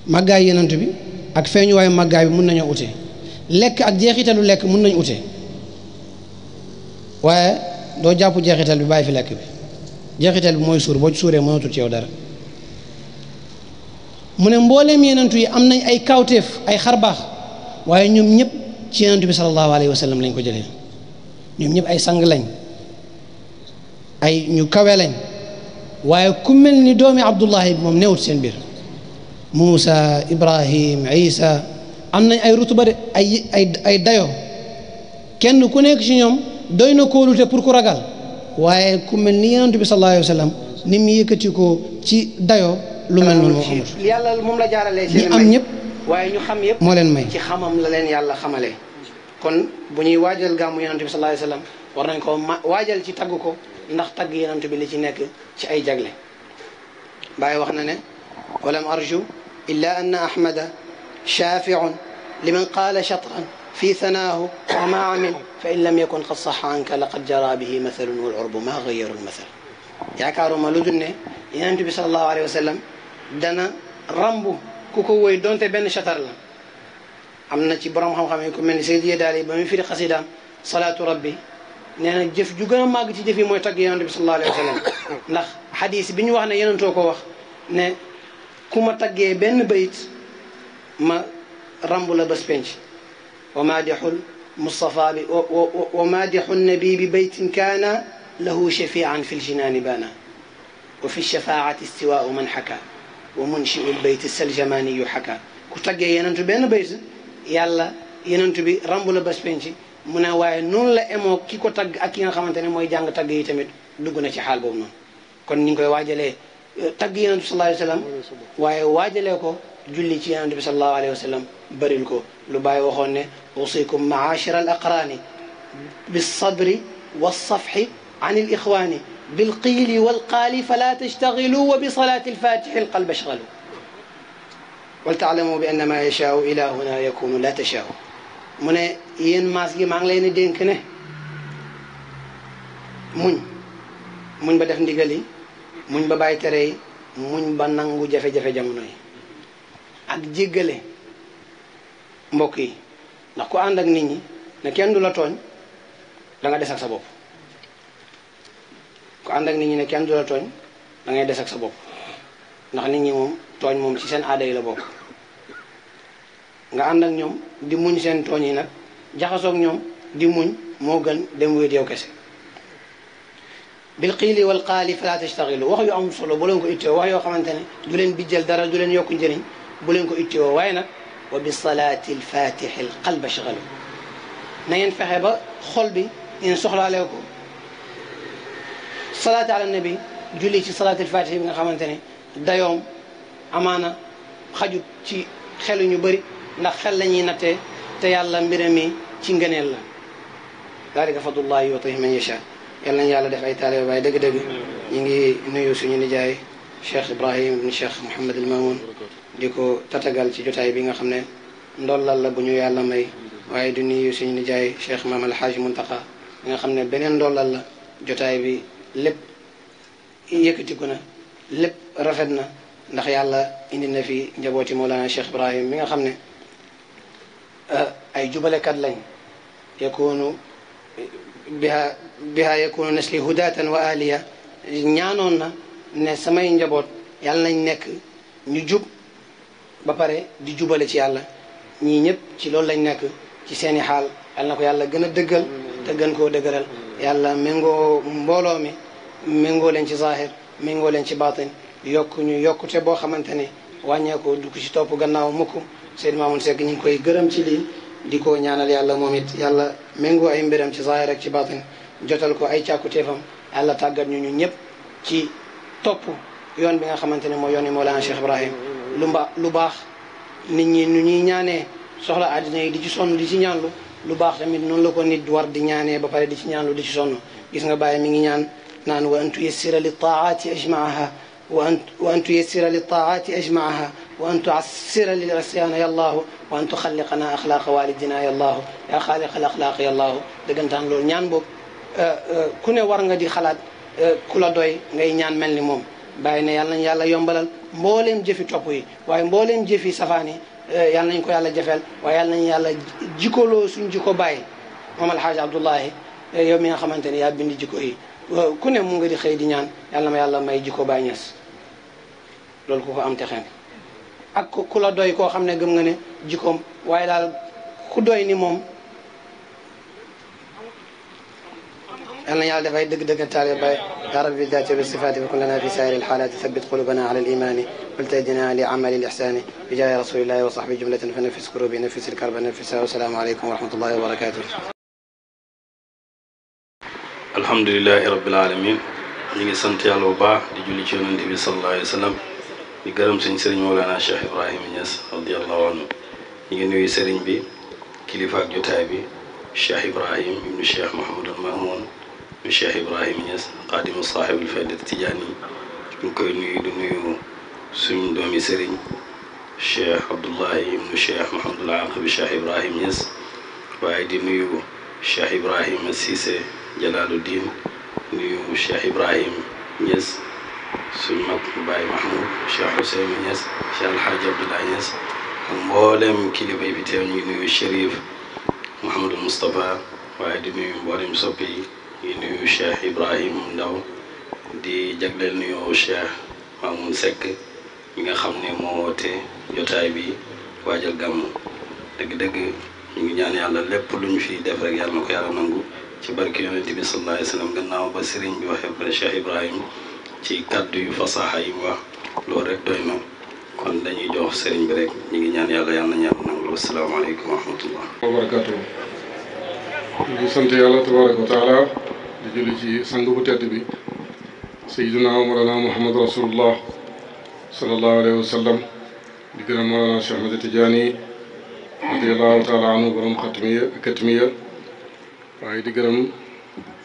màggaay yenant bi ak feeñuwaay màggaay bi mën nañoo ute lekk ak jeexitalu lekk mën nañu ute waaye doo jàpp jeexital bi baay fi lekk bi jeexital bi mooy suur boo suuree mënatul ci dara mu ne mbooleem yenentu yi am nañ ay kawteef ay xarbaax waaye ñoom ñëpp ci yenentu bi sallallahu alayhi wa sallam lañ ko jëlee ñoom ñëpp ay sang lañ ay ñu kawelañ waaye ku ni doomi abdullahi bi moom newut seen biir muusa ibrahim isa am nañ ay rutuba de ay ay ay dayo kenn ku nekk ci ñoom doy na kóolute pour ku ragal waaye ku mel ni yenentu bi sallallahu alayhi ni mu yëkkati ko ci dayo lu mel noonu amul yàlla moom la jaaralee seen am ñëpp waaye ñu xam yëpp moo leen may ci xamam la leen yàlla xamalee kon bu ñuy waajal gàmmu yonent bi sallallahu alayhi wasallam war nañ ko waajal ci tagg ko ndax tagg yonent bi li ci nekk ci ay jagle bàyyi wax na ne walam arju illa anna ahmada shafi'un liman qaala shatran fi sanaahu wa ma amil fa in lam yakun qad saxa anka laqad jara bihi mathalun wal urbu ma gayyaru al mathal yaakaaruma lu dul ne yonent bi sallallahu alayhi wasallam dana rambu ku ko woy donte benn chatar la am na ci borom xam-xam yi ku mel ni Seydi Yadaali ba muy firi xasidaam salaatu rabbi nee na jëf ju gën a màgg ci jëf yi mooy tagg yonent bi sallallahu alayhi wa sallam ndax xadis bi ñu wax ne yonentoo ko wax ne ku ma taggee benn bayit ma rambu la bés penc wa maadixul Mustafa bi wa maadixul nabi bi baytin kaana lahu shafian fi ljinaani baana wa fi shafaati istiwaau man xakaa wa munshiul bayti saljamani yu xaka ku taggee yenentu benn bayt yàlla yenentu bi ramb la bas penc mu ne waaye noonu la emoo ki ko tagg ak ki nga xamante ne mooy jàng tagg yi tamit dugg na ci xaal boobu noonu kon ni ñu koy waajalee euh, tagg yenentu sallallahu alayhi wa sallam waaye waajalee ko julli ci yenentu bi sallallahu alayhi wa sallam bëril ko lu bàyyi waxoon ne usikum maashira al aqraani bis sabri wa safxi an al ixwaani بالقيل والقال فلا تشتغلوا وبصلاة الفاتح القلب اشغلوا ولتعلموا بأن ما يشاء إلهنا يكون لا تشاء mu ne yéen maas gi maa ngi leen dénk ne muñ muñ ba def ndigal yi muñ ba bàyyi tere yi muñ ba nangu jafe-jafe jamono yi ak jéggale mbokk yi ndax ku ànd ak nit ñi ne kenn du la tooñ da nga des ak sa bopp ku ànd ak nit ñi ne kenn du la tooñ da ngay des sa bopp ndax ni ñi moom tooñ moom ci seen aada la bokk nga ànd ñoom di muñ seen tooñ yi nag jaxasook ñoom di muñ moo gën dem wéet yow kese bil xiili wal xaali fala tastaxilu wax yu am solo bu leen ko ittewoo wax yoo xamante ne du leen bijjal dara du leen yokk njëriñ bu leen ko ittewoo waaye nag wa bi salaati lfatixi l qalba shagalu na fexe ba xol bi ngeen soxlaale salaatu ala nabi julli ci salaatul fatiha bi nga xamante ne dayoom amaana xajut ci xelu ñu bëri ndax xel la ñuy nattee te yàlla mbira mi ci ngëneel la daalika fadlullahi yutihi man yasha yàlla nañu yàlla def ay taalibe baay dëgg-dëgg ngi nuyu suñu nijaay cheikh ibrahim ibn cheikh mohamad al mamoun ko tatagal ci jotaay bi nga xam ne ndollal la bu ñu yàlla may waaye di nuyu suñu nijaay cheikh maam alhaaj muntaqa bi nga xam ne beneen ndollal la jotaay bi lépp yëkkatiku na lépp rafet na ndax yàlla indi na fi njabooti Mawlana Cheikh Ibrahim mi nga xam ne ah, ay jubalekat lañ yakunu biha biha yakunu nasli hudatan wa aliya ñaanoon na ne samay njaboot yàlla nañ nekk ñu jub ba pare di jubale ci yàlla ñii ñëpp ci loolu lañ nekk ci seeni xaal yàlla na ko yàlla gën a dëggal te gën koo dëgëral yàlla méngoo mbooloo mi méngoo leen ci zaahir méngoo leen ci baatin yokku ñu yokkute boo xamante ne wàññeeku du ci topp gannaaw mukk Seydi Mamoun Seck ñu ngi koy gërëm ci lii di ko ñaanal yàlla moom it yàlla méngoo ay mbiram ci zaahir rek ci baatin jotal ko ay càkkutéefam yàlla tàggat ñu ñu ñëpp ci topp yoon bi nga xamante ne mooy yoon yi Mawlana Cheikh lu lu baax nit ñi nu ñuy ñaanee soxla àddina yi di ci sonn di ci ñaanlu lu baax tamit noonu la ko nit war di ñaanee ba pare di ci ñaanlu di ci sonn gis nga bàyyi naan wa an tuyassira li taati ajmaaha wa an wa an tuyassira li taati ajmaaha wa an tuassira lil asyaana yallaahu wa an tuxalliqana axlaaqa walidina yallaahu yaa xaaliqa al axlaaq yallaahu dëggantaan loolu ñaan boobu ku ne war nga di xalaat ku la doy ngay ñaan mel ni moom bàyyi ne yàlla nañ yàlla yombalal mbooleem jëfi topp yi waaye mbooleem jëfi safaan yi yàlla nañ ko yàlla jafeel waaye yàlla nañ yàlla jikoloo suñ jiko bàyyi moom alxaaji abdullahi yow mi nga xamante ne yaa bindi jiko yi ku ne mu nga di xëy di ñaan yàlla ma yàlla may jikko Baay Ñas loolu ku ko am texeen ak ku la doy koo xam ne gëm nga ne jikkoom waaye daal ku doy ni moom yal na yàlla dafay dëgg dëggan taale bay ya rabbi bil daati wa bis sifaati fa kun lana fi saa'iri l-haalaati thabbit qulubana ala l-iimaani والتجنا لعمل الإحسان بجاه رسول الله وصحبه جملة فنفس كروبي نفس الكرب نفسها والسلام عليكم ورحمة الله وبركاته alhamdulilahi rabbil alamin ñu ngi sant yàlla bu baax di julli ci yonent bi sallallahu alayhi wa sallam di gërëm sëñ sëriñ Mawlana Cheikh Ibrahima Niass radiyallahu anhu ñu ngi nuyu sëriñ bi kilifa ak jotaay bi Cheikh Ibrahim ibnu Cheikh Mahamadul Mamoun ibnu Cheikh Ibrahim Niass xaadimu saaxibul fayda tijaani ñu ngi koy nuyu di nuyu suñu doomi sëriñ Cheikh Abdullahi ibnu Cheikh Mahamadul Aqib Cheikh Ibrahim Niass waaye di nuyu Cheikh Ibrahima Cissé jalaalu diin nuyu Cheikh Ibrahim Niass suñ mag Baye Mahmoud Cheikh Ousseynou Niass Cheikh Alhaji Abdoulaye Niass ak mboolem kilifa yi fi teew ñu nuyu Chérif Mouhamadou Moustapha waaye di nuyu mboolem soppi yi ñu nuyu Cheikh Ibrahim Ndaw di jagleel nuyoo Cheikh Mamoun Seck mi nga xam ne moo woote jotaay bi waajal gàmm dëgg-dëgg ñu ngi ñaan yàlla lépp lu ñu fi def rek yàlla na ko yàlla nangu ci barke yonent a sallallahu alayhi wa sallam gannaaw ba sëriñ ci kàddu yu fasaxa yi mu wax loolu rek doy kon dañuy jox sëriñ bi rek ñu ngi ñaan yàlla yàlla na ñaan nangu wasalaamaaleykum wa rahmatullah wa barakatu ñu ngi sant yàlla ci sang bu tedd bi muhammad rasulullah sallallahu alayhi wa sallam di gërëm waaye di gërëm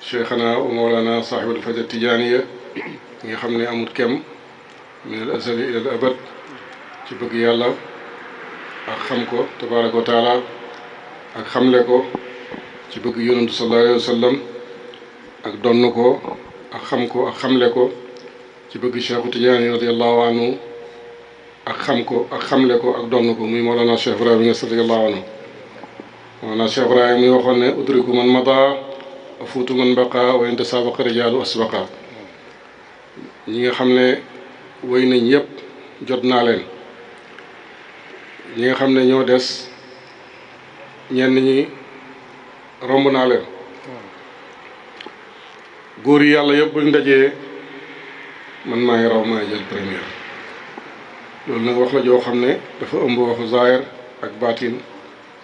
cheikhana wa mawlana sahibul faja tijaaniya ñi nga xam ni amul kem min al azali ila al abad ci bëgg yàlla ak xam ko tabaraka wa taala ak xamle ko ci bëgg yonantu sallallahu alayhi wa sallam ak donn ko ak xam ko ak xamle ko ci bëgg cheikhu tijaani radiallahu anhu ak xam ko ak xamle ko ak donn ko muy mawlana cheikh ibrahima ñas radiallahu anhu maanaam Cheikh Ibrahim mi waxoon ne udriku man mada fuutu man baqa wa inta sabaqa rijaalu ñi nga xam ne woy nañ yépp jot naa leen ñi nga xam ne ñoo des ñenn ñi romb naa leen góor yi yàlla yëpp buñ dajee man maay raw maay jël première loolu nag wax la joo xam ne dafa ëmb waxu zaahir ak baatin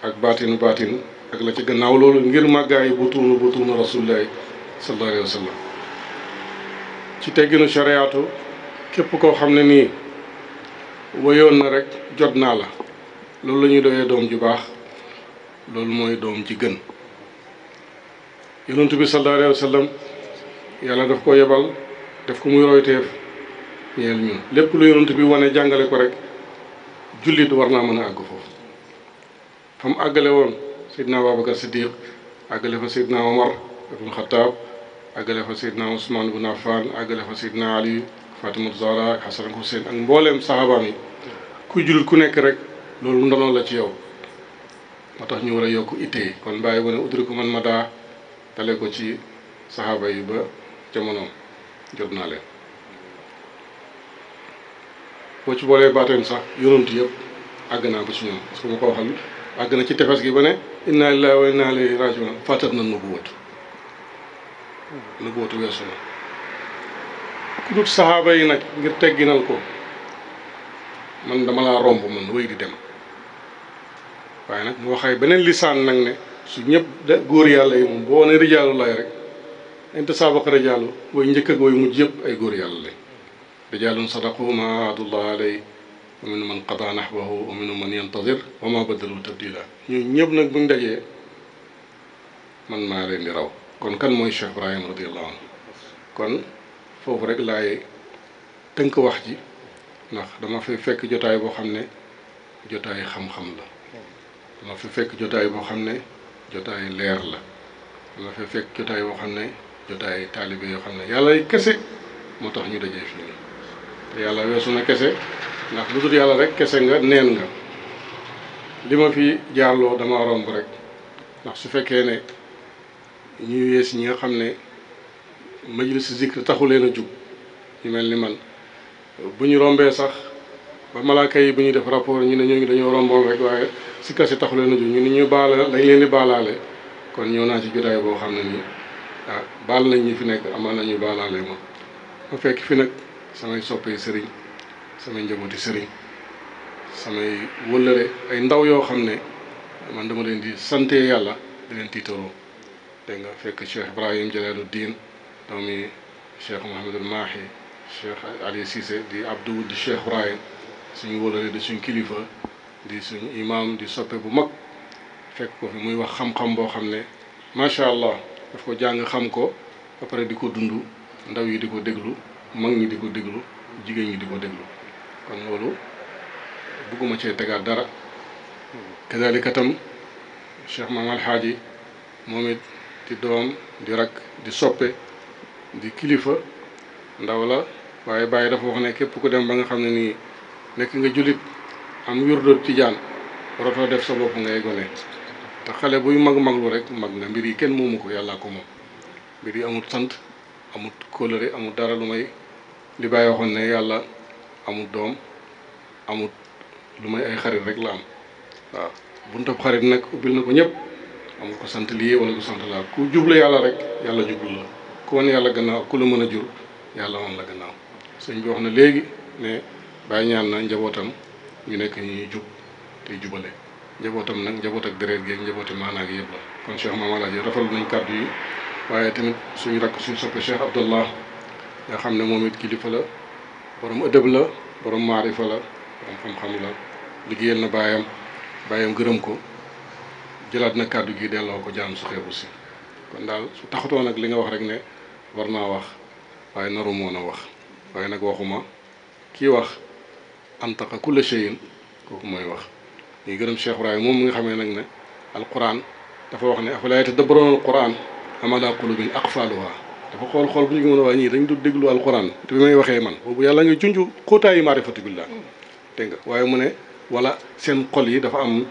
ak baatinu baatin ak la ci gannaaw loolu ngir màggaayu bu bu tuunu rasulillahi sallallahu alayhi wa sallam ci tegginu shariatu képp koo xam ne nii wayoon na rek jot naa la loolu la ñuy doyee doom ju baax loolu mooy doom ji gën yonentu bi sallallahu alayhi wa yàlla daf ko yebal daf ko muy royteef ñeel ñun lépp lu yonentu bi wane jàngale ko rek jullit war naa mën a àgg foofu fa mu àggale woon Seydina Babacar Siddiq àggale fa Seydina Omar ibn Khattab àggale fa Seydina Ousmane ibn Affan àggale fa Seydina Ali Fatimatu Zahra ak Xasan ak mbooleem saxaabaam yi kuy jullit ku nekk rek loolu ndono la ci yow moo tax ñu war a yokk ittee kon bàyyi ba ne udriku man ma daa dale ko ci saxaaba yi ba jamono jot naa leen boo ci boolee baateen sax yonent yëpp àgg naa bu ci parce que ma ko waxal àgg na ci tefes gi ba ne inna lillahi wa inna ilayhi rajiun fàttat na nubuwatu nubuwatu weesu na saxaaba yi nag ngir tegginal ko man dama laa romb man wéy di dem waaye nag mu waxay beneen lisaan nag ne su ñëpp da góor yàlla yi moom boo ne rijaalu lay rek inte saabaka rijaalu way njëkk ak way mujj yëpp ay góor yàlla lañ rijaalun sadaqu ma ahadullahi alayhi wa minhum man qataa nahbahu wa minhum man yantadir wa ma badalu tabdila ñu ñëpp nag bu buñ dajee man maa leen di raw kon kan mooy Cheikh Ibrahim radiallahu anhu kon foofu rek laay tënk wax ji ndax dama fi fekk jotaay boo xam ne jotaay xam la dama fi fekk jotaay boo xam ne jotaay leer la dama fi fekk jotaay boo xam ne jotaay taalibe yoo xam ne yàlla kese moo tax ñu dajee fii te yàlla weesu na kese ndax lu dul yàlla rek kese nga neen nga li ma fi jaarloo dama romb rek ndax su fekkee ne ñu yees ñi nga xam ne majlis zikr taxu leen a ñu mel ni man bu ñu rombee sax ba malaaka yi bu ñuy def rapport ñu ne ñoo ngi dañoo romboon waaye si kasi taxu leen a ñu ni ñu baala dañ leen di baalaale kon ñëw naa ci jotaay boo xam ne nii ah baal nañ ñu fi nekk amaan nañu baalaale ma ma fekk fi nag samay soppee sëriñ samay njabooti sëriñ samay wëllëre ay ndaw yoo xam ne man dama leen di sante yàlla di leen tiitaroo nga fekk Cheikh Ibrahim Jalaalu Diin doomi Cheikh Mouhamadul Mahi Cheikh Ali Cissé di Abdou di Cheikh Ibrahim suñu wëllëre di suñ kilifa di suñu imaam di soppe bu mag fekk ko fi muy wax xam-xam boo xam ne macha allah daf ko jàng xam ko ba pare di ko dundu ndaw yi di ko déglu mag ñi di ko déglu jigéen ñi di ko déglu kon loolu bugguma cee tegaat dara kadalika tam cheikh maam alxaaji moom di doom di rak di soppe di kilifa ndaw la waaye bàyyi dafa wax ne képp ku dem ba nga xam ne nii nekk nga jullit am yurdo tijaan waratoo def sa bopp ngay gone te xale buy mag maglu rek mag nga mbir yi kenn moomu ko yàllaa ko moom mbir yi amul sant amul kóllëre amul dara lu may li bàyyi ne yàlla amul doom amul lu may ay xarit rek la am waaw buntu xarit nag ubbil na ko ñëpp amul ko sant lii wala ko sant laa ku juble yàlla rek yàlla jublu la ku wan yàlla gannaaw ku la mën a jur yàlla wan la gannaaw sëñ bi wax na léegi ne bàyyi ñaan na njabootam ñu nekk ñuy jub te jubale njabootam nag njaboot ak deret gi ak njabooti maanaa gi yëpp la kon Cheikh Mame Alhaji rafetlu nañ kàddu yi waaye tamit suñu rakk suñu soppe Cheikh Abdallah nga xam ne moom it kilifa borom ëdëb la borom maarifa la borom xam-xam la liggéeyal na baayam baayam gërëm ko jëlaat na kàddu gi delloo ko jaam su xeebu si kon daal su taxatoo nag li nga wax rek ne war naa wax waaye naru moon a wax waaye nag waxuma kii wax antaqa kulla shay'in kooku mooy wax ñuy gërëm Cheikh moom mi nga xamee nag ne alquran dafa wax ne afalaa yatadabbaruuna alquran am alaa qulubin aqfaaluhaa dafa xool xool bu ñu ko mën a wax ñii dañ doon déglu alxuraan te bi may waxee man boobu yàlla ngay junj xóotaayu maarifatu billah te nga waaye mu ne wala seen xol yi dafa am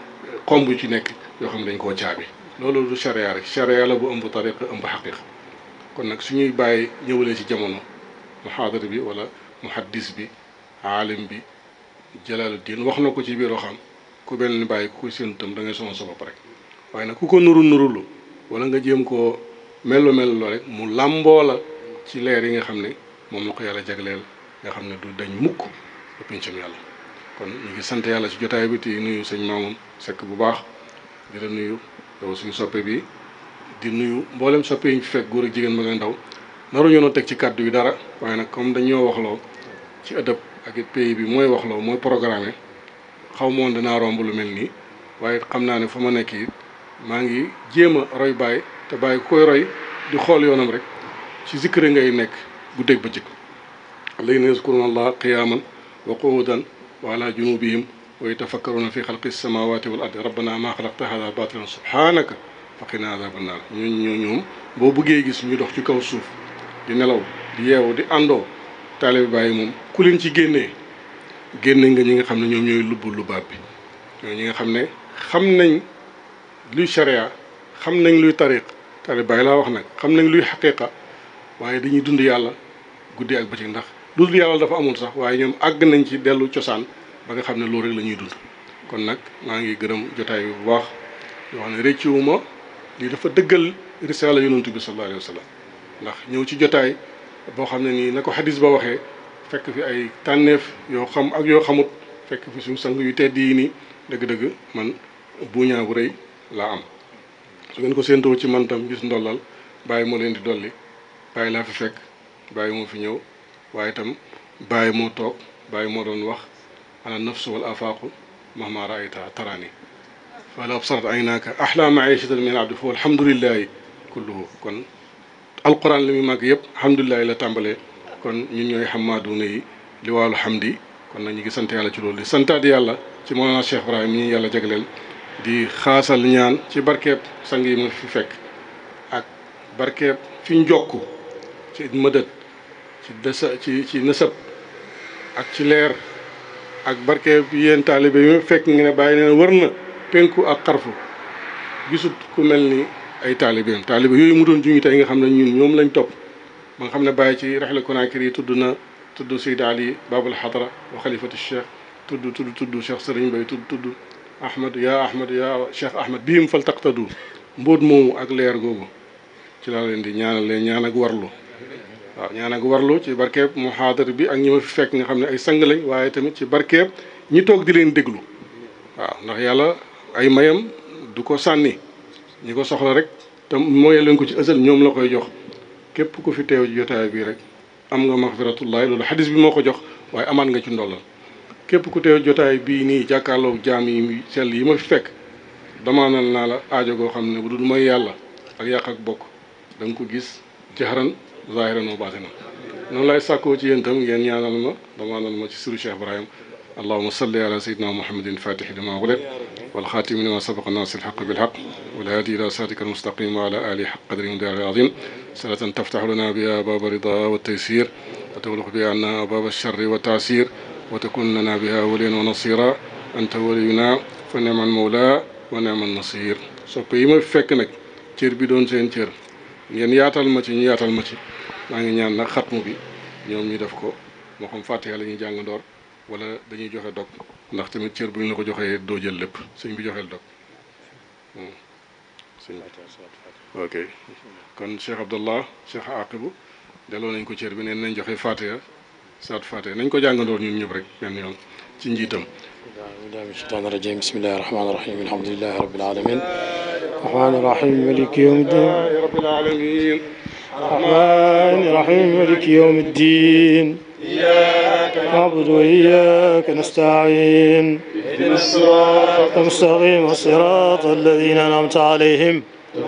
xomb ci nekk yoo xam ne dañ koo caabi loolu du charia rek charia la bu ëmb tariq ëmb xaqiq kon nag su ñuy bàyyi ñëwalee ci jamono muhaadar bi wala muhaddis bi aalim bi jalaaluddin wax na ko ci biir waxam ku benn bàyyi ku ko séen tam da ngay sonn sa bopp rek waaye melo melo la rek mu làmboo ci leer yi nga xam ne moom la ko yàlla jagleel nga xam ne du dañ mukk ba pincam yàlla kon ñu ngi sant yàlla ci jotaay bi te nuyu sëñ Mamoun Seck bu baax di la nuyu yow suñu soppe bi di nuyu mboolem soppe yi ñu fi fekk góor ak jigéen mag ak ndaw naru ñoo teg ci kàddu yi dara waaye nag comme dañoo waxloo ci ëdëb ak it pays bi mooy waxloo mooy programme xaw moon danaa romb lu mel nii waaye xam naa ne fa ma nekk it maa ngi jéem a roy baay te bàyyi koy roy di xool yoonam rek ci zikkëri ngay nekk guddeeg bëccëg alladina yazkuruna allaha qiyaman wa qu'udan wa ala junubihim wa yatafakkaruna fi xalqi samawati wal ardi rabbana ma xalaqta hada batilan subhanaka faqina adaba naar ñoo ñu ñoom boo bëggee gis ñu dox ci kaw suuf di nelaw di yeewu di àndoo taalibi bàyyi moom ku ci génnee génne nga ñi nga xam ne ñoom ñooy lubb lu baab bi ñoo ñi nga xam ne xam nañ luy charia xam nañ luy tariq taalibe Baay laa wax nag xam nañ luy xaqiiqa waaye dañuy dund yàlla guddi ak bëccëg ndax dund yàlla dafa amoon sax waaye ñoom àgg nañ ci dellu cosaan ba nga xam ne loolu rek la ñuy dund kon nag maa ngi gërëm jotaay bu baax yoo xam ne rëccuwuma lii dafa dëggal risaala yonantu bi sallallahu alayhi wa sallam ndax ñëw ci jotaay boo xam ne nii na ko xadis ba waxee fekk fi ay tànneef yoo xam ak yoo xamut fekk fi suñu sang yu tedd yi nii dëgg-dëgg man buuñaa bu rëy laa su ngeen ko séentoo ci man tam gis ndollal bàyyi moo leen di dolli bàyyi laa fi fekk bàyyi moo fi ñëw waaye itam bàyyi moo toog bàyyi moo doon wax ana nafsu wal afaaqu mahma raayta tarani fa la absarat aynaaka ahla maishatan min abdi foofu alhamdulillahi kulluhu kon alquran li muy mag yëpp alhamdulilahi la tàmbalee kon ñu ñooy xam xamaaduuna yi li waalu hamdi kon nag ñu ngi sant yàlla ci loolu di santaat yàlla ci moolana Cheikh Ibrahim ñi yàlla jagleel di xaasal ñaan ci barkeeb sang yi mu fi fekk ak barkeeb fi njokk ci mëdët ci dësa ci nësëb ak ci leer ak barkeeb yéen taalibe yi mu fekk ngi ne bàyyi leen wër na penku ak xarfu gisut ku mel ni ay taalibeem taalibe yooyu mu doon juñu tey nga xam ne ñun ñoom lañ topp ba nga xam ne bàyyi ci Rihla Konakri yi tudd na tudd Seyd Ali Babul Hadra wa xalifatu Cheikh tudd tudd tudd Cheikh Sëriñ Bay tudd tudd ahmadu yaa ahmadu yaa cheikh ahmad fa fal taqtadu mbóot moomu ak leer googu ci laa leen di ñaanal leen ñaan ak warlu waaw ñaan warlu ci barkeeb mu xaadar bi ak ñi ma fekk nga xam ne ay sang lañ waaye tamit ci barkeeb ñi toog di leen déglu waaw ndax yàlla ay mayam du ko sànni ñi ko soxla rek te mooy leen ko ci ësal ñoom la koy jox képp ku fi teew jotaay bii rek am nga maxfiratullahi loolu xadis bi moo ko jox waaye amaan nga ci ndollal képp ku teew jotaay bii nii jàkkaarloog jaam yi sell yi ma fi fekk damaanal naa la aajo goo xam ne bu du mooy yàlla ak yàq ak bokk da ko gis jaxaran zahiran wa baatinan noonu lay sàkkoo ci yéen tam ngeen ñaanal ma damaanal ma ci suru Cheikh Ibrahim allahuma salli ala sayidina muhammadin fatixi lima wulet walxaatimi lima sabaqa naasi lxaq bilxaq walhaadi ila saatika almustaqim wa i alihi xaq qadri mdaari azim la taftaxu lana biha baaba rida wa taysir wa taxluq biha anna baaba alcharri وتكون لنا بها وليا ونصيرا أنت ولينا فنعم المولى ونعم النصير sopp yi ma fekk nag cër bi doon seen cër ngeen yaatal ma ci ñu yaatal ma ci maa ngi ñaan nag xatmu bi ñoom ñu def ko moo xam fàttee la ñuy jàng ndoor wala dañuy joxe dog ndax tamit cër bu ñu la ko joxee doo jël lépp sëñ bi joxeel dog ok kon Cheikh Abdallah Cheikh Aqibu delloo nañ ko cër bi neen nañ joxe fàttee saat faate nañ ko jàngandoo ñun ñëpp rek benn yoon ci njiitam billahi min shaytaani rajim bismillahi rahmaani rahim alhamdulillahi rabbil alamin rahmaani rahim maliki yawmiddin rabbil alamin rahmaani rahim maliki yawmiddin iyyaka na'budu wa iyyaka nasta'in ihdinas siratal mustaqim siratal ladhina an'amta alayhim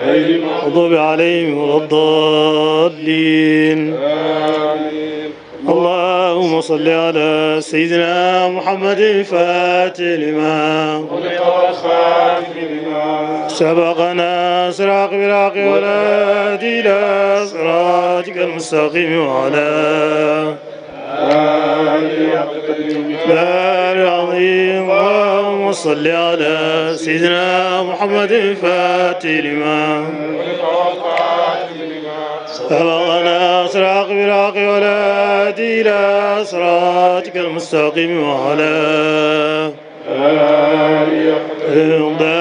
غير المغضوب عليهم ولا الضالين آمين الله اللهم صل على سيدنا محمد الفاتح لما خلق والخاتم لما سبقنا صراط بالحق والهادي إلى صراطك المستقيم وعلى لا العظيم اللهم صل على سيدنا محمد الفاتح لما سبقنا صراط بالحق والهادي إلى صراطك المستقيم وعلى رضا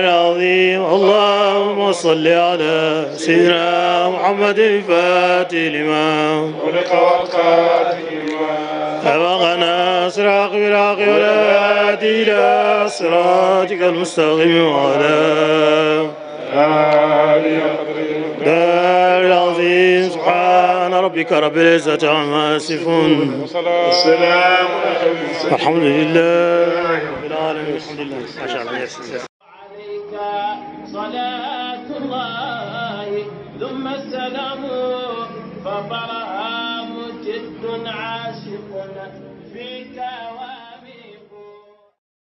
العظيم اللهم صل على سيدنا محمد فاتح الإمام أبغنا صراط بالحق ولا إلى صراطك المستقيم وعلى آل ربك رب العزة عما يصفون والسلام الحمد لله رب العالمين الحمد لله ما شاء الله عليك صلاة الله ثم السلام فبرأ